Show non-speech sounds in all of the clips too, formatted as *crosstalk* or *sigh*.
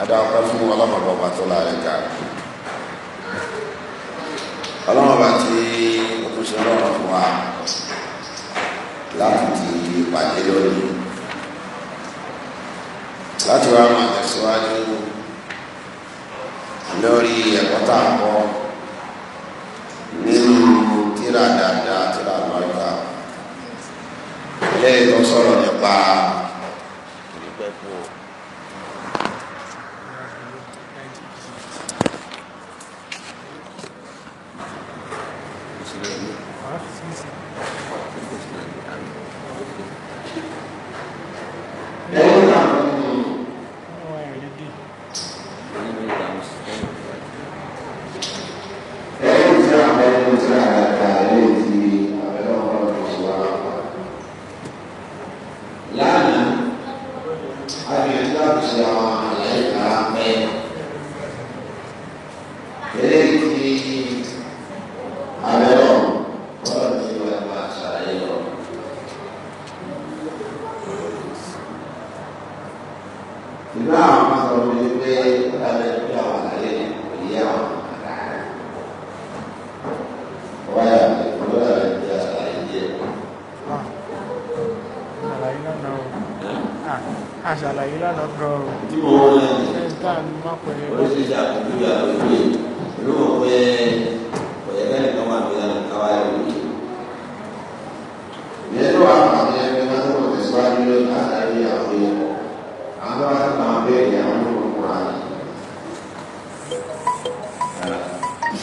adáwọ̀pá fún ọlọ́mọba ọba tó láàrin ká ọlọ́mọba tí ó tún ṣe ọlọ́mọ fún wa láti di ìpàdé lónìí láti wá máa tẹ̀síwájú lórí ẹ̀kọ́ tá a kọ́ nínú tíra dáadáa tíra lọ́ọ̀ta ilé ìtọ́sọ̀rọ̀ nípa.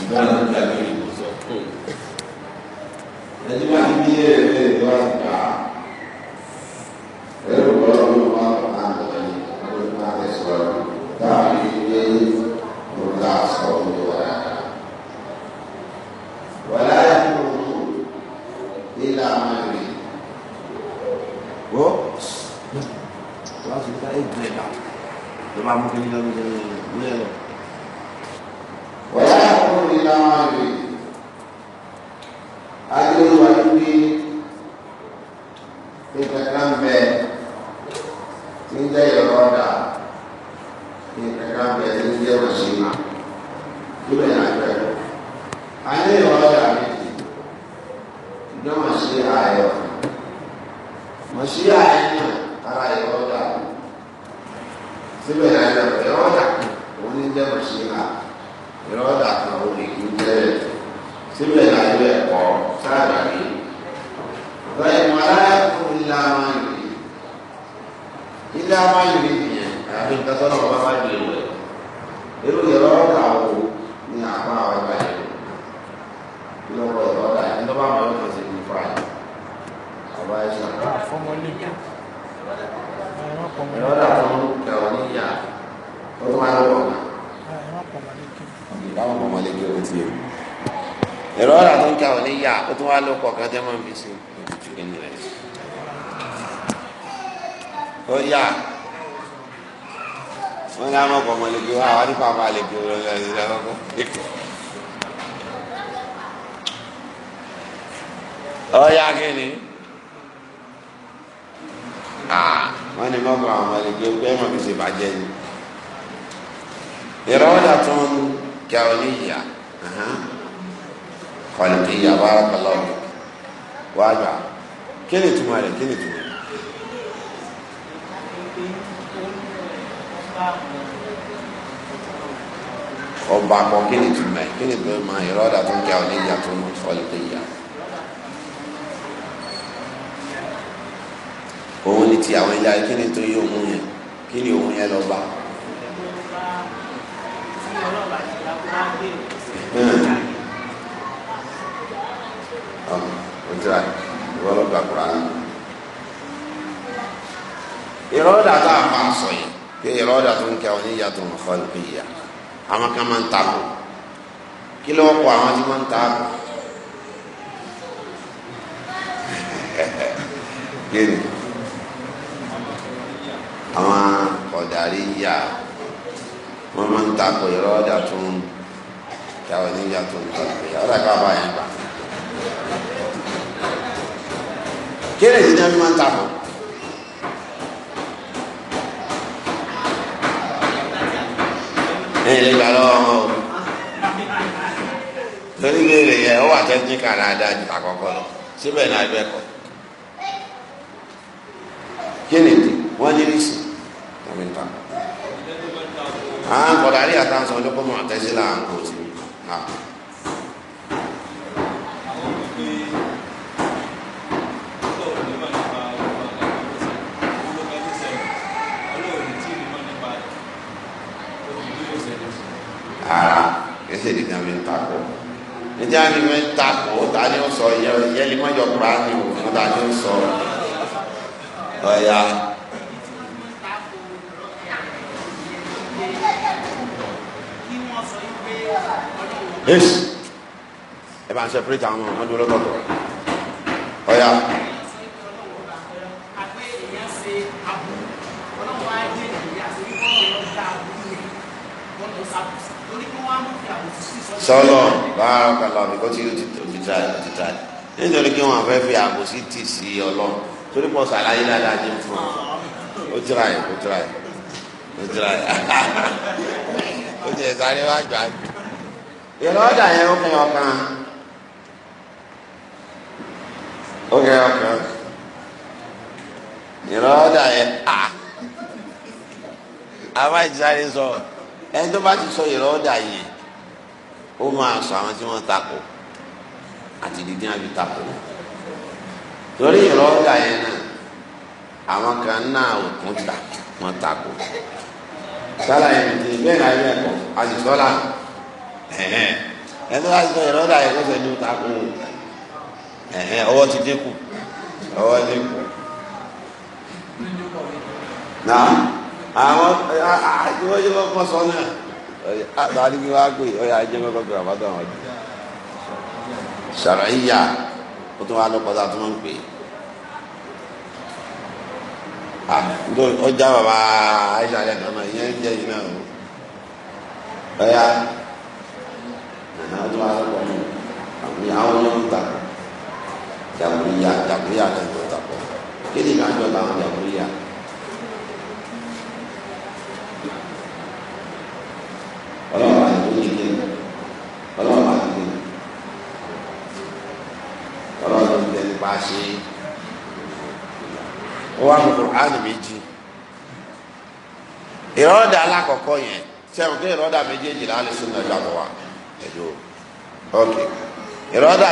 Gracias. إرادة كونية خلقية òun ni ti àwọn ilé ayé kí ni tó yí òun yẹn kí ni òun yẹn lọ bá. ọjọ́ hmm. ìwọ ló gbà kúrò àná. ìrọ́dà tá a máa sọ yìí pé ìrọ́dà tó ń kẹ́ ọ ní ìyá tó àwọn kan máa ń ta kù kí ló kọ àwọn tí wọ́n ń ta àgbò gẹ́ni àwọn ọ̀dàrí yà wọ́n máa ń ta àgbò ìrọ̀ ọ̀dà tó ń yàwọ̀ níjà tó ń ta àgbò yà ọ̀dà ká bá yẹn gbà kéèrè yìí ni máa ń ta àgbò. ẹ̀yin lè gbà lọ́wọ́ wọn o torí béèrè yẹn ó wà tẹ́tíníkà dáadáa ju àkọ́kọ́ lọ síbẹ̀ náà ibẹ̀ kọ́ kí ni tí wọ́n ní rísì tàbí nípa. àwọn kọ̀dárí àtàwọn ọjọ́ kó máa tẹ́sí láàrín kò sí. ara ese ni también taco níta ni wọ́n ta kò ta ni wọ́n sọ ìyẹn lè mọ́jọ kura ni o fún ta ni wọ́n sọ ọ̀ya. ẹ bá ń ṣe pírítà àwọn ọmọdé olókòtò ọ̀ya. sọlọ bárakàlà bí kò tí yóò ti ta ti ta nítorí kí wọn fẹ́ fi àbòsí tì sí ọlọ́run torí pọ̀ sàlàyé dáadáa jẹ́ fún wa ó tira yìí O tira yìí ó tira *laughs* yìí ó tiẹ̀ sáré wá gbà á. ìrọ́dà yẹn ó kẹ́ ọkàn ó kẹ́ ọkàn ìrọ́dà yẹn a *laughs* àbájáde sọ. ẹni bá ti sọ ìrọ̀ ọ̀dà yẹn ó máa sọ àwọn tí wọ́n takò àti dídí àbí takò Torí ìrọ̀ ọ̀dà yẹn náà àwọn kan náà ò kún ta wọ́n takò sálà yẹn ti bẹ́ẹ̀ náà yẹ kọ́ àdìsọ́là ẹni tó bá ti sọ ìrọ̀ ọ̀dà yẹn kó sẹ́ni ó takò ọwọ́ ti dínkù ọwọ́ dínkù náà. àwọn wọ́n yẹ kọ́kọ́ sọ náà àtàlí kí wọ́n á gbé ọ̀yà ajẹ́ kọ́kọ́ gbé àbádọ́ àwọn ọ̀dọ́ sàràyà ó tún wà lọ́kọ̀ọ́ta tó máa ń pè é ọjà bàbá Aisha yẹn kan náà ìyẹn ń jẹ́ yìí náà o ọ̀yà ó tún wà lọ́kọ̀ọ́ mi àwọn ọmọ ń ta jàmúríyà jàmúríyà kan tó ta pọ̀ kí ni ìdájọ́ táwọn jàmúríyà. ọlọ́run àti tó yẹ kéde ọlọ́run àti ṣe ó wà ní Kùránì méjì ìrọ́dà alákọ̀ọ́kọ́ yẹn sẹ́wọ̀n kí ìrọ́dà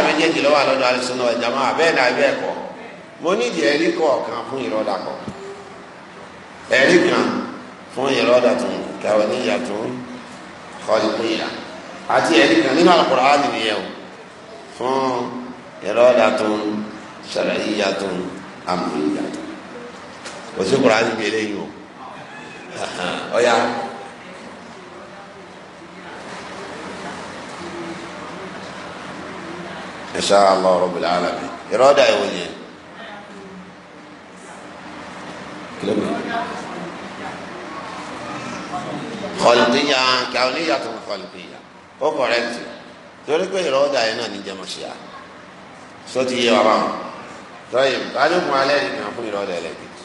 méjèèjì wa kọ́lí kúnyìlá àti ẹ̀rí kan nínú Al-Qur'ani nìyẹn o fún iradatun shar'iyyatun amriyyatun kò sí Qur'ani bí eléyìí o ọ̀ya. insha Allah rabbil alamin irada ìwọ yẹn kìlómítà kọlùkìyà kàwọnìyà tó ń kọlùkìyà kó kọrẹ́tì torí pé ìrọ́dà yẹn náà ní jẹmọ̀ṣíà só ti yé wa bá wọn tọ́yìn alókun alẹ́ nìkan fún ìrọ́dà ẹlẹ́gbẹ̀ẹ́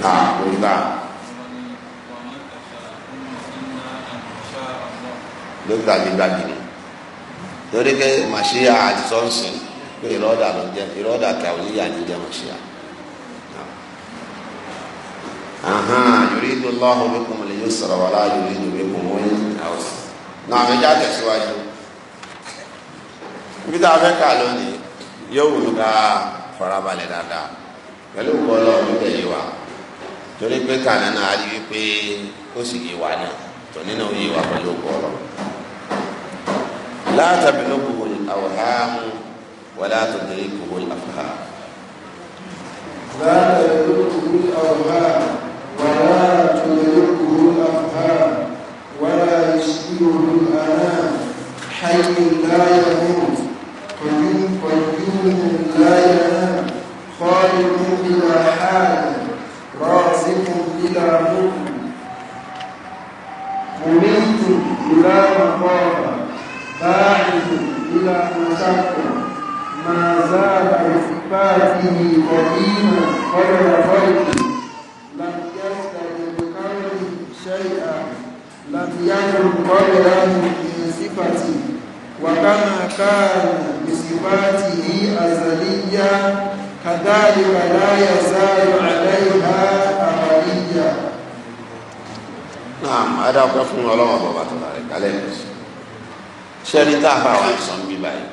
náà kò ní bá lókè àgbégbàgbé ni torí pé màṣíà àti sọ́nsìn pé ìrọ́dà ló ń jẹ ìrọ́dà kàwọnìyà ní jẹmọ̀ṣíà. huh yuridu Allahu bikum al-yusra wa la yuridu bikum al-'usra náà àmì já tẹ̀síwájú bí tá a fẹ́ kà lónìí yóò wù ká farabalẹ̀ dáadáa pẹ̀lú bọ́lá ọdún tẹ̀lé wa torí pé kàlẹ́ náà á rí wípé ó sì yé wa náà tòní náà ó yé wa pẹ̀lú bọ́lá látàbí ló kò wọlé àwòhámù wọlé àtòdè kò wọlé àfọhámù. látàbí ló kò wọlé àwòhámù. ولا تدركه الأفهام ولا يسئله الأنام حي لا يموت قيوم قيوم لا ينام خالق بلا حال رازق بلا ملك مميت بلا مقام باعث بلا مشقة ما زال إثباته قديما قبل خلقه شيئا لم يكن قبله من صفته وكما كان بصفاته أزلية كذلك لا يزال عليها أبديا نعم هذا أقف الله وبابا تبارك عليه sẹ́ni tá a fa àwọn àìsàn bí báyìí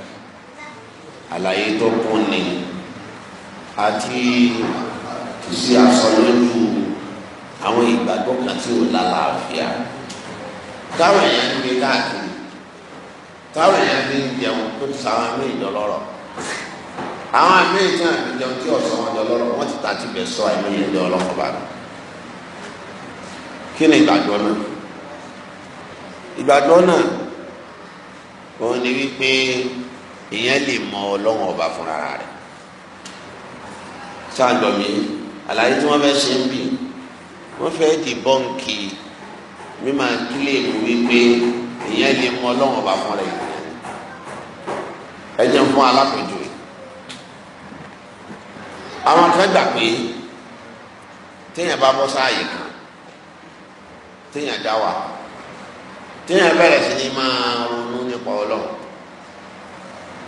àlàyé tó kún ni àti ìṣe àsọlójú àwọn ìgbàgbọ́ kan tí ò lálàáfíà táwọn èèyàn ń gbé káàkiri táwọn èèyàn fi ń jẹun tó ti sáwọn míì dọlọ́rọ̀ àwọn míì tí wọn fi jẹun tí ọ̀sán wọn dọlọ́rọ̀ wọn ti ta ti bẹ̀ sọ àìmọye ń dọlọ́rọ̀ bá mi kí ni ìgbàgbọ́ náà ìgbàgbọ́ náà òun ni wípé èèyàn lè mọ ọlọ́run ọba fúnra rẹ̀ sáà gbọ̀ mí àlàyé tí wọ́n fẹ́ ṣe ń bì í wọ́n di dìbọ́ǹkì mímọ kílèmù wípé èèyàn lè mọ ọlọ́run ọba fúnra ẹ̀ ẹ jẹ́ fún alápèjọ yìí àwọn kan gbà pé téèyàn bá bọ́ sáàyè kan téèyàn dá wà téèyàn bẹ̀rẹ̀ sí ni máa ronú nípa ọlọ́run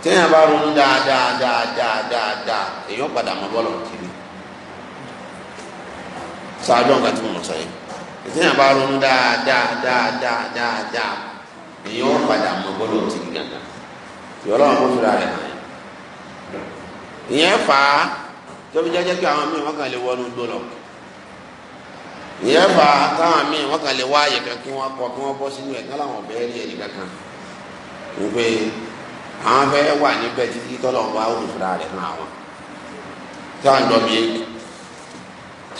téèyàn bá ronú dáadáa dáadáa dáadáa èèyàn padà mọ bọ́lọ̀ tí. ṣáájú ọ̀gá tí mo mọ̀ sọ yìí ìtẹ̀yìn àbá ronú dáadáa dáadáa dáadáa èèyàn ó padà mọ ti di gàgà tí ọlọ́run kò fira rẹ̀ hàn yìí ìyẹn fà á tóbi jẹ́jẹ́ kí àwọn míì wọ́n kàn lè wọnú gbó lọ ìyẹn fà á míì kàn lè wá kan kí kọ kí sínú rí kan wípé àwọn wà títí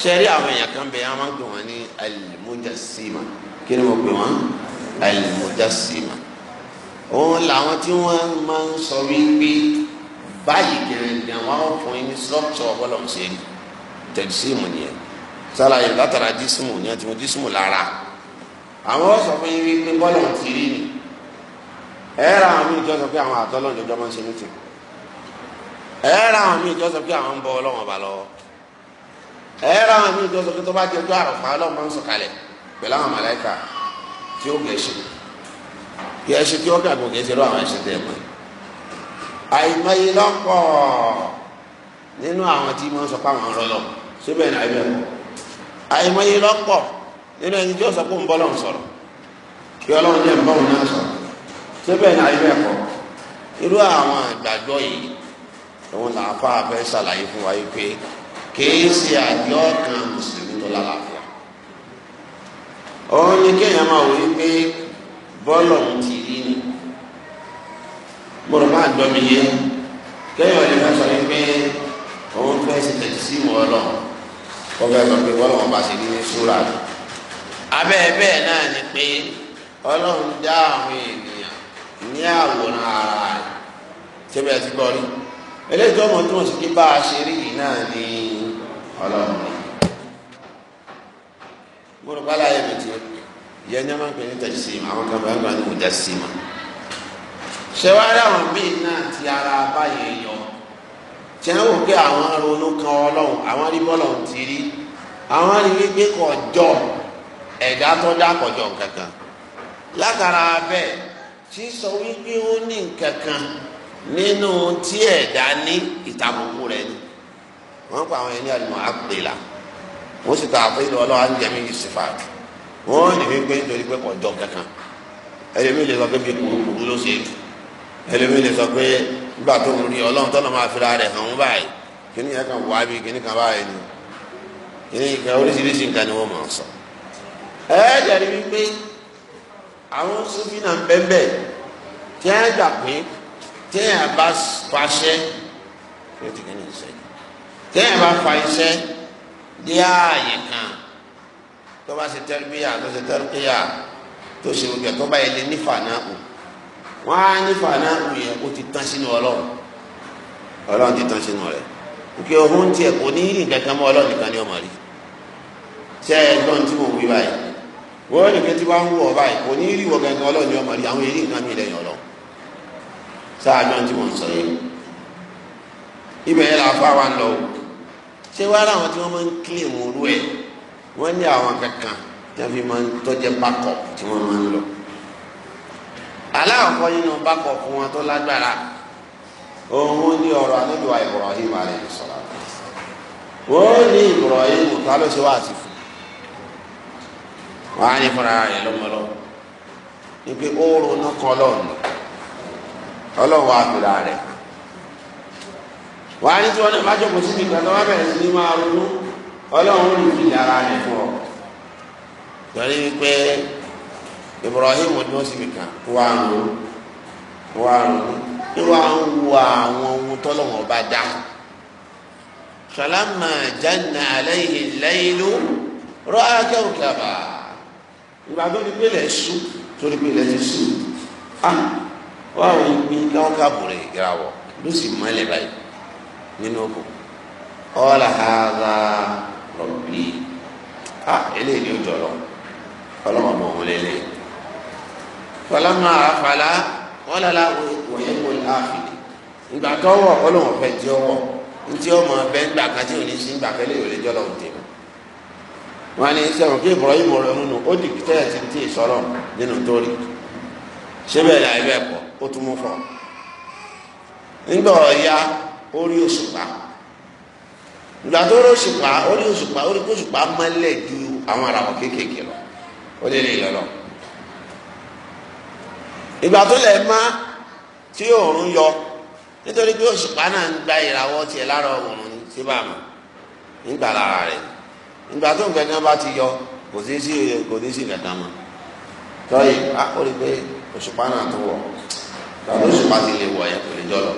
sẹ́rí àwọn èèyàn kan bẹ̀ yẹn máa ń pè wọ́n ní alimujassima kí ni mo pè wọ́n alimujassima òun làwọn tí wọ́n máa ń sọ wípé báyìí gẹ̀rẹ́ndẹ̀ wọn á fún yín ní structure ọpọlọ ṣe ni tẹ̀síìmù nìyẹn sálàyé látara dísìmù ni àti mo dísìmù lára àwọn sọ fún yín wípé bọ́lọ̀ ti rí ni ẹ ra àwọn míì jọ pé àwọn àtọ́lọ́jọjọ́ máa ń ṣe mítìn ẹ ra àwọn míì jọ pé àwọn ń bọ ọlọ́wọ́n ọba lọ́wọ́ ẹ̀ẹ́rọ àwọn míì tó sọ pé tó bá jẹ́ ọjọ́ àròfà ọlọ́run máa ń sọ̀kalẹ̀ pẹ̀lú àwọn màláìka tí ó gẹ̀ẹ́sì kí ẹṣin tí ó gàgbọ́ kì í ṣe lọ àwọn ẹṣin tẹ̀ mọ́ àìmọye lọ́pọ̀ nínú àwọn tí wọ́n sọ pé àwọn ọ̀rọ̀ lọ síbẹ̀ náà ibẹ̀ mọ́ àìmọye lọ́pọ̀ nínú ẹni tí ó sọ pé ń bọ́ lọ́hùn sọ̀rọ̀ kí ọlọ́run jẹ́ ń bọ́ òun náà sọ̀rọ̀ síbẹ̀ kìí ṣe àjọ kan mùsùlùmí tó lálàáfíà òun ni kéèyàn máa wò wípé bọ́ọ̀lù ń ti rí ni bọ́ọ̀lù máa gbọ́ mi yé kéèyàn lè fẹ́ sọ wípé òun fẹ́ ṣe tẹ̀sí sí wọn lọ wọ́n fẹ́ sọ pé bọ́ọ̀lù wọn bá ṣe rí ní súra rẹ̀ abẹ́ náà ni pé ọlọ́run dá àwọn ènìyàn ní àwòrán ara rẹ̀ ṣé bẹ́ẹ̀ ti gbọ́ rí eléyìí tó mọ̀ tó mọ̀ sí pé bá a ṣe rí yìí náà ni ọlọ́run mo rò pálá ayé mi ti yẹ ní a máa ń pè ní tẹ̀síìmù àwọn kan bá ń gbà ní mùjásíìmù ṣe wá rí àwọn míì náà ti ara báyẹn yọ tí wọ́n wò pé àwọn ronú kan ọlọ́run àwọn rí bọ́ọ̀lù ti rí àwọn rí wípé kò jọ ẹ̀dá tó dá kò jọ kankan látara bẹ́ẹ̀ tí sọ wípé ó ní nǹkan nínú tí ẹ̀dá ní ìtàbùkù rẹ̀ ni wọ́n pa àwọn ẹni àlùmọ́ àpèlà wọ́n sì ta àfẹ́yìn lọ́wọ́ lọ́wọ́ àǹjẹ̀mí ìsìfà wọ́n ní wípé nítorí pé kò jọ kankan ẹlẹ́mi lè sọ pé bí kùrùkùrù ló ṣe ẹlẹ́mi lè sọ pé nígbà tó ń rí ọlọ́run tọ́lọ́ máa fira rẹ̀ hàn báyìí kíní yẹn kan wá bí kíní kan báyìí ni kíní kan oríṣiríṣi nǹkan ni wọ́n máa sọ. ẹ jẹ́rìí wípé àwọn sófin náà bẹ́ẹ̀ bẹ́ẹ̀ tí wọ́n gbà pé tí wọ́n bá paṣẹ yóò ti kíní ìṣẹ́j téèyàn bá fa iṣẹ́ dé ààyè kan tó bá ṣe tẹ́rìbíyà tó ṣe tẹ́rìbíyà tó ṣe gbẹ tó bá yẹ lé nífà náà kù wọ́n á nífà náà kù yẹ kó ti tán sínú ọlọ́run ọlọ́run ti tán sínú rẹ̀ òkè ọ̀hún tiẹ̀ kò ní nǹkan kan mọ́ ọlọ́run nìkan ni ọmọ rí ṣé ẹgbọ́n tí mò ń wí báyìí wọ́n nìkan tí wọ́n ń wọ̀ báyìí kò ní rí wọ gangan ọlọ́run ni ọmọ rí àwọn eré mi lẹ́yìn ọlọ́run sáà yẹn ibẹ̀ yẹn làá fáwọn lọ o ṣé wàá rà àwọn tí wọ́n máa ń kílè wọn rú ẹ̀ wọ́n ní àwọn kankan tí wọ́n fi máa ń tọ́jẹ́ bákọ̀ tí wọ́n máa ń lọ. aláàkọ́ nínú bákọ̀ wọn tó lágbára òun ní ọ̀rọ̀ anábìwá Ibrahim alayhi salam wọ́n ní Ibrahim ta ló ṣe wá àti fún wọn á ní fúnra rẹ̀ lọ́mọlọ́ ní pé ó ronú kan lọ́nà ọlọ́run á fi ra wà á ní tí wọn náà bá jókòó síbi kan tó wá bẹ̀rẹ̀ sí ní máa ronú ọlọ́run ló fi yàrá rẹ̀ fún ọ. torí wípé Ibrahim dúró síbi kan wà á ronú wà á ronú wà á wo àwọn ohun tọ́lọ́wọ́n bá dá. sàlámà janna alayhi laylu rọ akẹ́wòkẹ́bà ìgbà tó ti gbélé sùn tó ti gbélé ti sùn. ah wàá wọ ibi káwọn káàbùrẹ̀ ìgbéra wọ ló sì mọ́lẹ̀ báyìí nínú òkú ọ̀là hàrà rọ̀bì à eléyìí ni ó jọ̀lọ̀ ọlọ́mọ ọmọ òun lélẹ̀ fọlọ́mọ àfàlà wọ́n lọ́la wòye kó láàfin ìgbà tó wọ̀ ọlọ́mọ fẹ́ tí ó wọ̀ ntí ọmọ bẹ ń gbà kan tí òní sí ń gbà kẹlẹ́ ìròlé jọlọ òde wọn ni sẹ́wọ̀n kí Ibrahim rẹ̀ múnú ó di tẹ́lẹ̀ tí tí ì sọ̀rọ̀ nínú torí ṣé láì bẹ́ẹ̀ pọ̀ ó tún mú fọ́ nígbà ọ̀ya orí òṣùpá ìgbà tó rí òṣùpá orí òṣùpá orí òṣùpá mọ́lẹ̀ ju àwọn àràwọ̀ kéékèèké lọ ó lé lè lọ lọ ìgbà tó lẹ̀ má tí òòrùn yọ nítorí pé òṣùpá náà ń gba ìràwọ̀ tiẹ̀ lára òòrùn sí bàmù nígbà lára rẹ̀ ìgbà tó nǹkan kan bá ti yọ kò sí sí kò ní sí nǹkan kan mọ́ á ó rí pé òṣùpá náà tó wọ̀ tàbí òṣùpá ti lè wọ̀ yẹn kò lè jọ lọ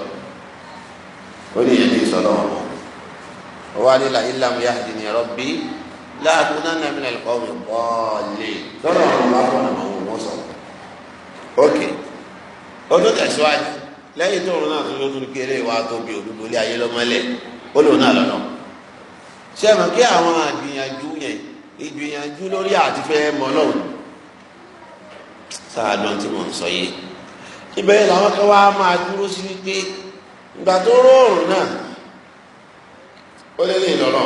ó ní ìyẹn ní ìsọ̀lọ́ wọn ó wá nílà ìlàmù yáhìdì ní ẹ̀rọ bí láàbù náà ní àmì ẹ̀kọ́ mi bọ́ọ̀lì lọ́dọ̀ ọ̀run bá fọ́nà àwọn òun sọ. ókè ó tó tẹ̀síwájú lẹ́yìn tó òun náà tó lóṣù kéré wa tóbi òdúgbò ilé ayé lọ́mọlẹ̀ ó lòun náà lọ́nà. ṣé kí àwọn àgbìyànjú yẹn ìgbìyànjú lórí àti fẹ́ mọ́ lọ́wọ́ sáà lọ́n tí ń sọ yìí ibẹ̀ làwọn kan wá máa dúró sí wípé ìgbà tó rọrùn náà ó lé lè lọ́lọ́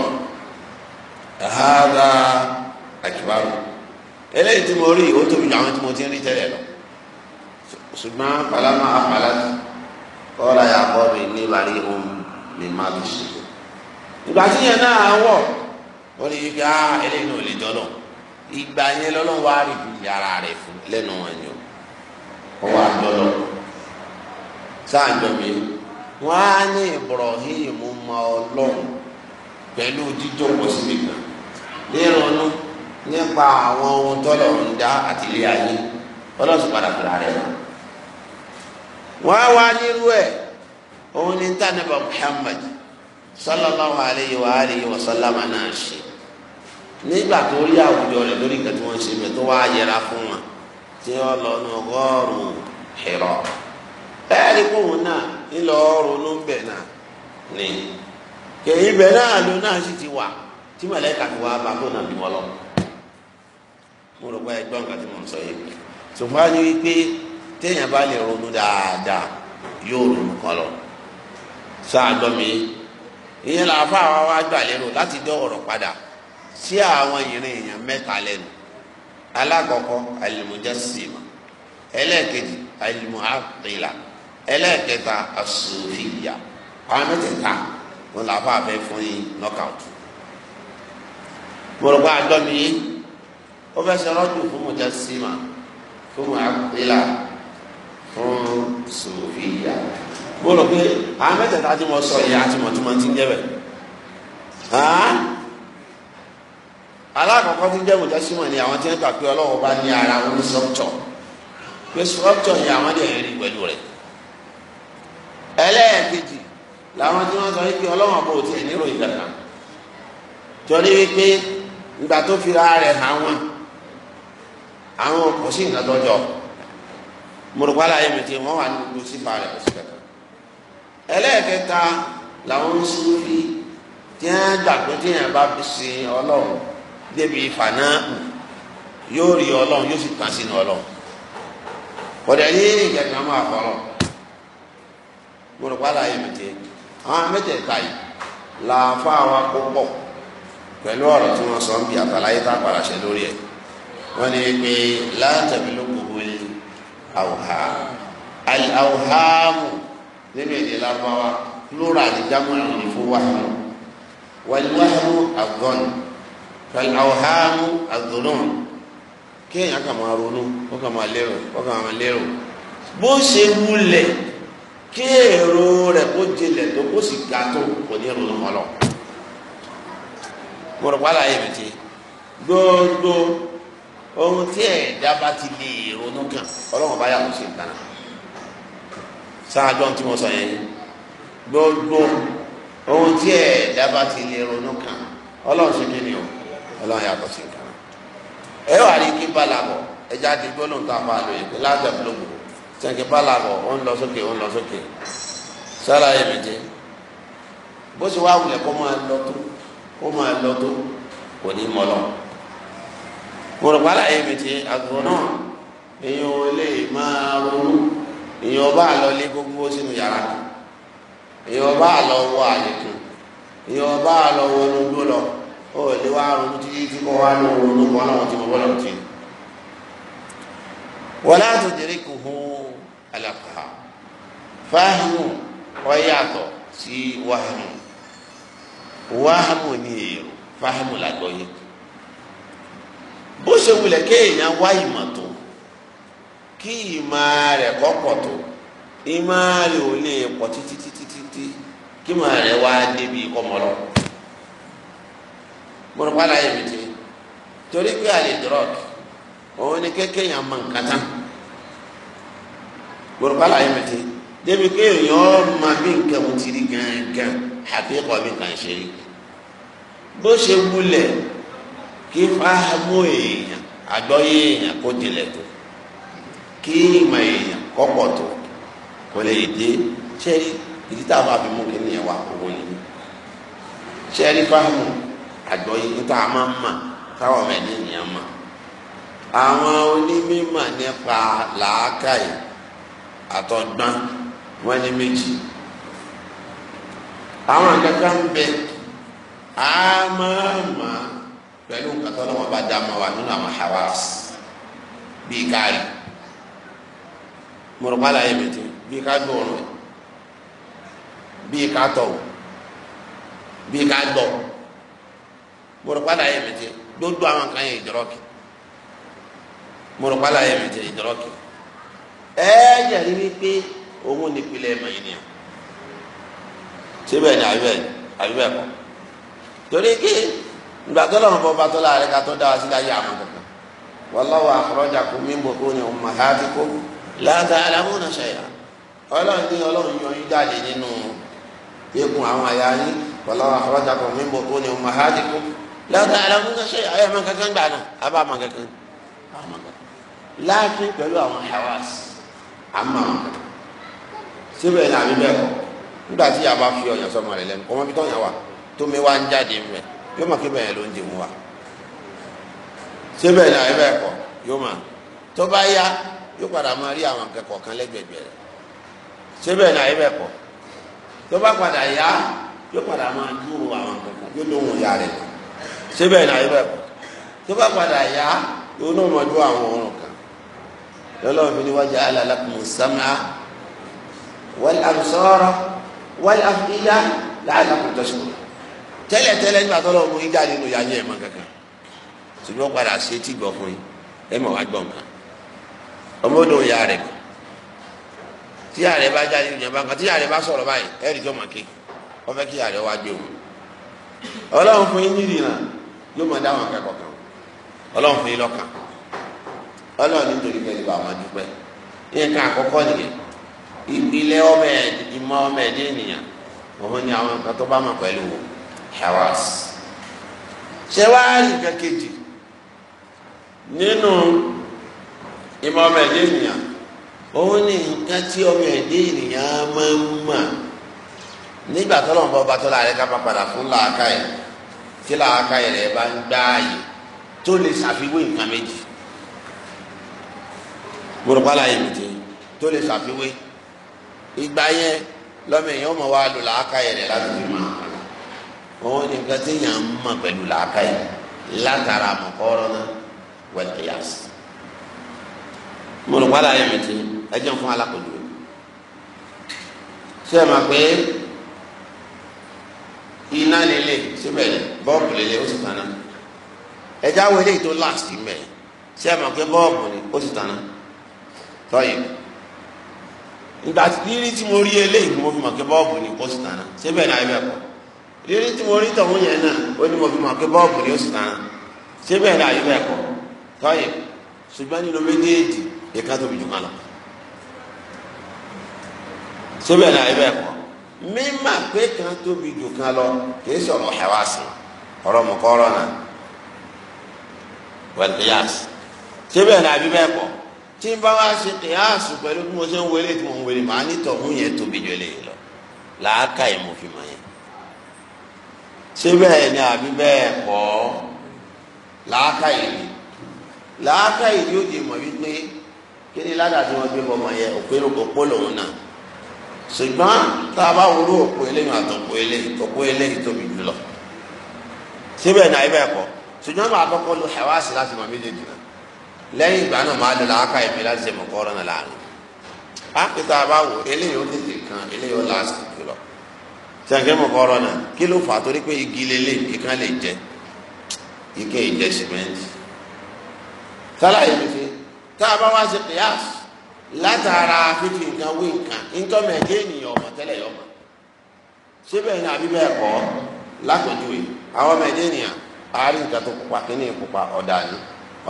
ẹ̀hádà àkìbárò eléyìí tí mo rí ó tóbi ju àwọn tí mo ti ń rí tẹ́lẹ̀ lọ ṣùgbọ́n palama apala kọ́ra yà bọ́ mi ní ìbàrí ohun mi má tó ṣe ìgbà tí yẹn náà wọ̀ ó lè gbá eléyìí náà lè dọ́lọ́ ìgbà yẹn lọ́lọ́ wá rí yàrá rẹ̀ fún lẹ́nu ẹ̀yọ́ ó wá dọ́lọ́ sáà jọ mi wọ́n á ní Ibrahim mọ Ọlọ́run pẹ̀lú jíjọ pọ̀ síbi kan nírònú nípa àwọn ohun tọ́lọ̀ ń dá àtìlẹ́ ayé ọlọ́sùn padà fúnra rẹ̀ náà wọ́n á wá nírú ẹ̀ òun ni tánàbà Muhammad sallallahu alayhi wa alihi wa sallam náà ṣe nígbà tó rí àwùjọ rẹ̀ lórí nǹkan tí wọ́n ṣe mẹ́ tó wá yẹra fún wọn tí wọ́n lọ nù ọgọ́rùn-ún Hira ẹ̀ẹ́dì kóhùn náà ńlọ ronú bẹ̀ náà ni kèyí bẹ̀ náà ló náà sì ti wà tí mọ̀lẹ́kà fi wá bá tó nà bí wọ́n lọ. mo rò pé ẹgbọ́n nǹkan tí sọ yìí ṣùgbọ́n ní wípé téèyàn bá lè ronú dáadáa yóò ronú kan lọ sáà gbọ́ mi ìyẹn làáfà wa wá gbà lérò láti dán ọ̀rọ̀ padà sí àwọn ìrìn èèyàn mẹ́ta lẹ́nu alákọ̀ọ́kọ́ ẹlẹ́ẹ̀kejì ẹlẹ́ẹ̀kẹta asòfìyà àwọn mẹ́tẹ̀ẹ̀ta wọn làwọn fún yín knockout mọ̀lùkọ́ àjọmi yìí ó fẹ́ ṣe rọ́jò fún mùjásímà fún mùàkúrẹ́là fún sòfìyà mọ̀lùkọ́ àwọn mẹ́tẹ̀ẹ̀ta tí mo sọ yìí àti ti ń jẹ́ bẹ̀ alákọ̀ọ́kọ́ tí ń jẹ́ ni àwọn tí ń gbà pé ọlọ́wọ́ ẹlẹ́ẹ̀kejì làwọn tí wọ́n sọ wípé ọlọ́run ọ̀bọ òtí ẹ̀ níròyìn kankan torí wípé ìgbà tó fi ra rẹ̀ hàn wọ́n àwọn kò sí nǹkan tó jọ mùrùpálá yẹn mìtì wọ́n wà ní gbogbo sípa rẹ̀ kò sí kankan ẹlẹ́ẹ̀kẹta làwọn sunfi tí wọ́n gbà pé tí yẹn bá fi sin ọlọ́run débi ìfànà yóò rí ọlọ́run yóò sì tàn sínú ọlọ́run kọ̀dẹ̀ ní ìjẹ̀dùn àmọ́ àfọlọ́run gbọ́dọ̀ pa àlàyé mi tiẹ̀ àwọn mẹ́tẹ̀ẹ̀ta yìí làáfà wa kó pọ̀ pẹ̀lú ọ̀rọ̀ tí wọ́n sọ ń bi àtàláyé tá a padà ṣe lórí ẹ̀ wọ́n ní pé látàbí ló kò wọlé àwòhá àwòhámù nínú èdè lárúbáwá lóra àti jámọ́nà ní fún wàhámù wàlúwàhámù àgọ́n àwòhámù àgọ́nùn kéèyàn kà máa ronú ó kà máa lérò ó kà máa lérò bó ṣe wúlẹ̀ kí èrò rẹ̀ kó jẹlẹ̀ tó kó sì ga tó kò ní ronú kọ́ lọ. mo rò pé àlàyé mi ti gbogbo ohun tí ẹ̀dá bá ti lè ronú kàn ọlọ́run bá yàgò sí ìtàn sáájọ́ tí mo sọ yẹn gbogbo ohun tí ẹ̀dá bá ti lè ronú kàn ọlọ́run ṣe kí o ọlọ́run yàgò sí ìtàn ẹ wà ní kí balabọ̀ ẹ jáde gbólóhùn tá a máa lò láti ẹ̀ fúlọ́gbọ̀n tẹ̀kí pálàkọ̀ ó ń lọ sókè ó ń lọ sókè sára ẹ̀mìjẹ bó ṣe wá wulẹ̀ kó máa lọ tó kó máa lọ tó kò ní mọ lọ. mo rò pálá ẹ̀mìjẹ àgùrọ̀ náà èèyàn ò lè máa ronú èèyàn ọba àlọ́ lé gbogbo sínú yàrá kan èèyàn ọba àlọ́ wọ àyè èèyàn ọba àlọ́ wọ lójú lọ ó lè wá ronú títí tí kò wá lóhùn lóhùn wọn náà wọn ti mọ bọ́lá wọn wọ́n á jẹ́rìí kò hùwù alákàá fáhàmù ó yàtọ̀ sí wàhámù wàhámù ni èrò fáhàmù làgbọ́yé bó ṣe wulẹ̀ kéèyàn wá ìmọ̀ tó kí ìmọ̀ rẹ̀ kọ́kọ̀ tó ìmọ̀ rẹ̀ ò lè pọ̀ títí títí títí kí ìmọ̀ rẹ̀ wá débi kọ́mọlọ. mo rò pa láyé mi ti torí pé àlè dọ́rọ̀kì òun ni kéèyàn mọ nǹkan tán gbọdọ̀pá láyé mi ti débi pé èèyàn máa bí nǹkan mo ti rí gangan àbí kọ́ mi kàn ṣe rí bó ṣe múlẹ̀ kí fáhámù èèyàn àgbọ́yé èèyàn kó jinlẹ̀ tó kí ìmọ̀ èèyàn kọ́pọ̀ tó kò lè dé ṣé ìdí tá a máa fi mú kí nìyẹn wà owó ni ṣé rí fáhámù àgbọ́yé níta máa ń mà táwọn ọmọ ẹ̀ ní ìyẹn mà àwọn onímọ̀ nípa làákàyè àtọgbọ́n wọ́n ní méjì àwọn akẹ́kọ̀ọ́ ń bẹ àmàmà pẹ̀lú nǹkan tó lọ́wọ́ bá dá ma wà nínú àwọn hawas bíi káàrí mọ̀rọ̀pá láyé mi ti bíi ká gbọ́ọ̀rọ̀ bíi ká tọ̀ bíi ká gbọ́ mọ̀rọ̀pá láyé mi ti gbogbo àwọn kan yẹn ìdọ́rọ́kì mọ̀rọ̀pá láyé mi ti ìdọ́rọ́kì. ẹ̀ẹ́dẹ̀ ni wípé òun nípìnlẹ̀ mọ̀nyìnìyàn síbẹ̀ ni àbíbẹ̀ àbíbẹ̀ kọ́ torí kí ìgbà tó lọ́rùn tó láàrin ká tó dá wa sílẹ̀ ayé àwọn kankan wallahu akhrajakum min butuni ummahatikum la ta'lamuna shay'an ọlọ́run ní ọlọ́run yọ nínú àwọn àyà yín àmà síbẹ̀ na àmì bẹ́ẹ̀ kọ́ nígbà tí yàrá bá fi ọ̀yàn sọmọ rẹ̀ lẹ́nu kọ́ mọ́ bí tọ́yàn wà tó mi wá ń jáde mẹ́ yóò mọ̀ kí bẹ́ẹ̀ ló ń dì mú wa síbẹ̀ ní àmì bẹ́ẹ̀ kọ́ yóò mọ̀ tó bá yá yóò padà máa rí àwọn akẹ́kọ̀ọ́ kan lẹ́gbẹ̀gbẹ̀ rẹ̀ síbẹ̀ ní àmì bẹ́ẹ̀ kọ́ tó bá padà yá yóò padà máa dúró àwọn akẹ́kọ̀ọ́ yóò lóhùn yá rẹ̀ síbẹ̀ ní àmì bẹ́ẹ̀ kọ́ tó bá padà yá yóò náà máa dúró àwọn ọ̀ràn kan lọ́lọ́run fi ní wájà alàlákùn sàmà wal absara wal afida làálàkùn tọ́sùn tẹ́lẹ̀ tẹ́lẹ̀ nígbà tó lọ́wọ́ yín jáde nínú yáyé ẹ̀ mọ́ kankan ṣùgbọ́n padà ṣe tí gbọ́ fún yín ẹ̀ mọ̀ wá gbọ́ mọ́ ọmọ odò ya rẹ̀ kọ́ tí yàrá bá jáde nínú yàrá kan tí yàrá bá sọ̀rọ̀ báyìí ẹ̀ rí jọ́ kí wọ́n fẹ́ kí yàrá wá gbé òun ọlọ́run fún yín nídìí náà yóò mọ̀ dáhùn akẹ́kọ̀ọ́ kan ọlọ́run fún yín lọ́kàn ọlọ́run nítorí pẹ̀lú àwọn adúpẹ́ nǹkan àkọ́kọ́ nìyẹn ọmọ ọmọ ẹ̀ ènìyàn òun ni àwọn nǹkan tó bá mọ̀ pẹ̀lú hawas ṣé wàá rí nínú ọmọ ẹ̀ ènìyàn òun ni nǹkan tí ọmọ ẹ̀ ènìyàn máa ń mọ̀ nígbà tó lọ́nà tó láàrin ká bá gbọdọ̀pálá yìí ti tó lè ṣàfiwé ìgbà yẹn lọ́mọ èèyàn mọ̀ wá lò làákàyè rẹ láti fi máa òun ni nǹkan tí èèyàn ń pẹ̀lú làákàyè látara àmọ̀kọ́rọ́ náà wẹ̀lẹ̀ yà sí. yìí ẹjọ́ fún alákòjú rẹ̀ ẹ pé iná lélẹ̀ síbẹ̀ bọ́ọ̀bù lélẹ̀ ó sì tán náà eléyìí tó láàsì mẹ́ pé bọ́ọ̀bù tọ́yìn nígbà tí rírí tí mo rí eléyìí mo fi mọ̀ kí bọ́ọ̀bù ni kó sì tànà síbẹ̀ náà ibẹ̀ kọ́ rírí tí mo rí tọ̀hún yẹn náà ó ní mo fi mọ̀ kí bọ́ọ̀bù ni ó sì tànà síbẹ̀ náà ibẹ̀ kọ́ tọ́yìn ṣùgbọ́n nínú méjèèjì ìka tóbi jù kan lọ síbẹ̀ náà ibẹ̀ kọ́ mímà pé kan tóbi jù kan lọ kì í sọ̀rọ̀ ẹ̀wá sí ọ̀rọ̀ mọ̀kọ́rọ̀ náà wẹ̀lẹ́yàsì síbẹ̀ náà ibẹ̀ kọ́ tí n bá wá ṣe kìyàsù pẹ̀lú bí mo ṣe ń wele tí mo ń wele màá ní tọ̀hún yẹn tóbi jọ lè lọ làákà yẹn mo fi mọ̀ yẹn ṣé bẹ́ẹ̀ ni àbí bẹ́ẹ̀ kọ́ làákà yẹn ni làákà yẹn yóò di mọ̀ wípé kí ni ládàá tí wọ́n gbé bọ́ ọmọ yẹn òpin òpó lòun náà ṣùgbọ́n tá a bá wúlò òpó eléyìí àtọ̀pó eléyìí òpó eléyìí tóbi jù lọ síbẹ̀ ní àyè bẹ́ẹ̀ kọ́ ṣùgbọ́n màá kọ́kọ́ lo ẹ̀wá sí láti mọ̀ méjèèjì náà lẹ́yìn ìgbà náà máa lọ làákà ìmí láti ṣe mọ̀ kọ́rọ́ náà láàrin ápẹ́tà bá wò eléyìí ó tètè kan eléyìí ó láàsì jù lọ ṣàǹkẹ́ mọ̀ kọ́rọ́ náà kí ló fà á torí pé igi lélẹ̀ ìkan lè jẹ ike ìjẹ sìmẹ́ǹtì sálàyé mi fi tá a bá wá ṣe kìyàs látara fífi nǹkan wé nǹkan ntọ́mọ̀ ẹ̀jẹ̀ ènìyàn ọmọ tẹ́lẹ̀ yọmọ síbẹ̀ ní àbí bẹ́ẹ̀ kọ́ lápẹ̀jùwe àwọn ọmọ ẹ̀jẹ̀ ènìyàn àárín nǹkan tó pupa kíní pupa ọ̀dà ni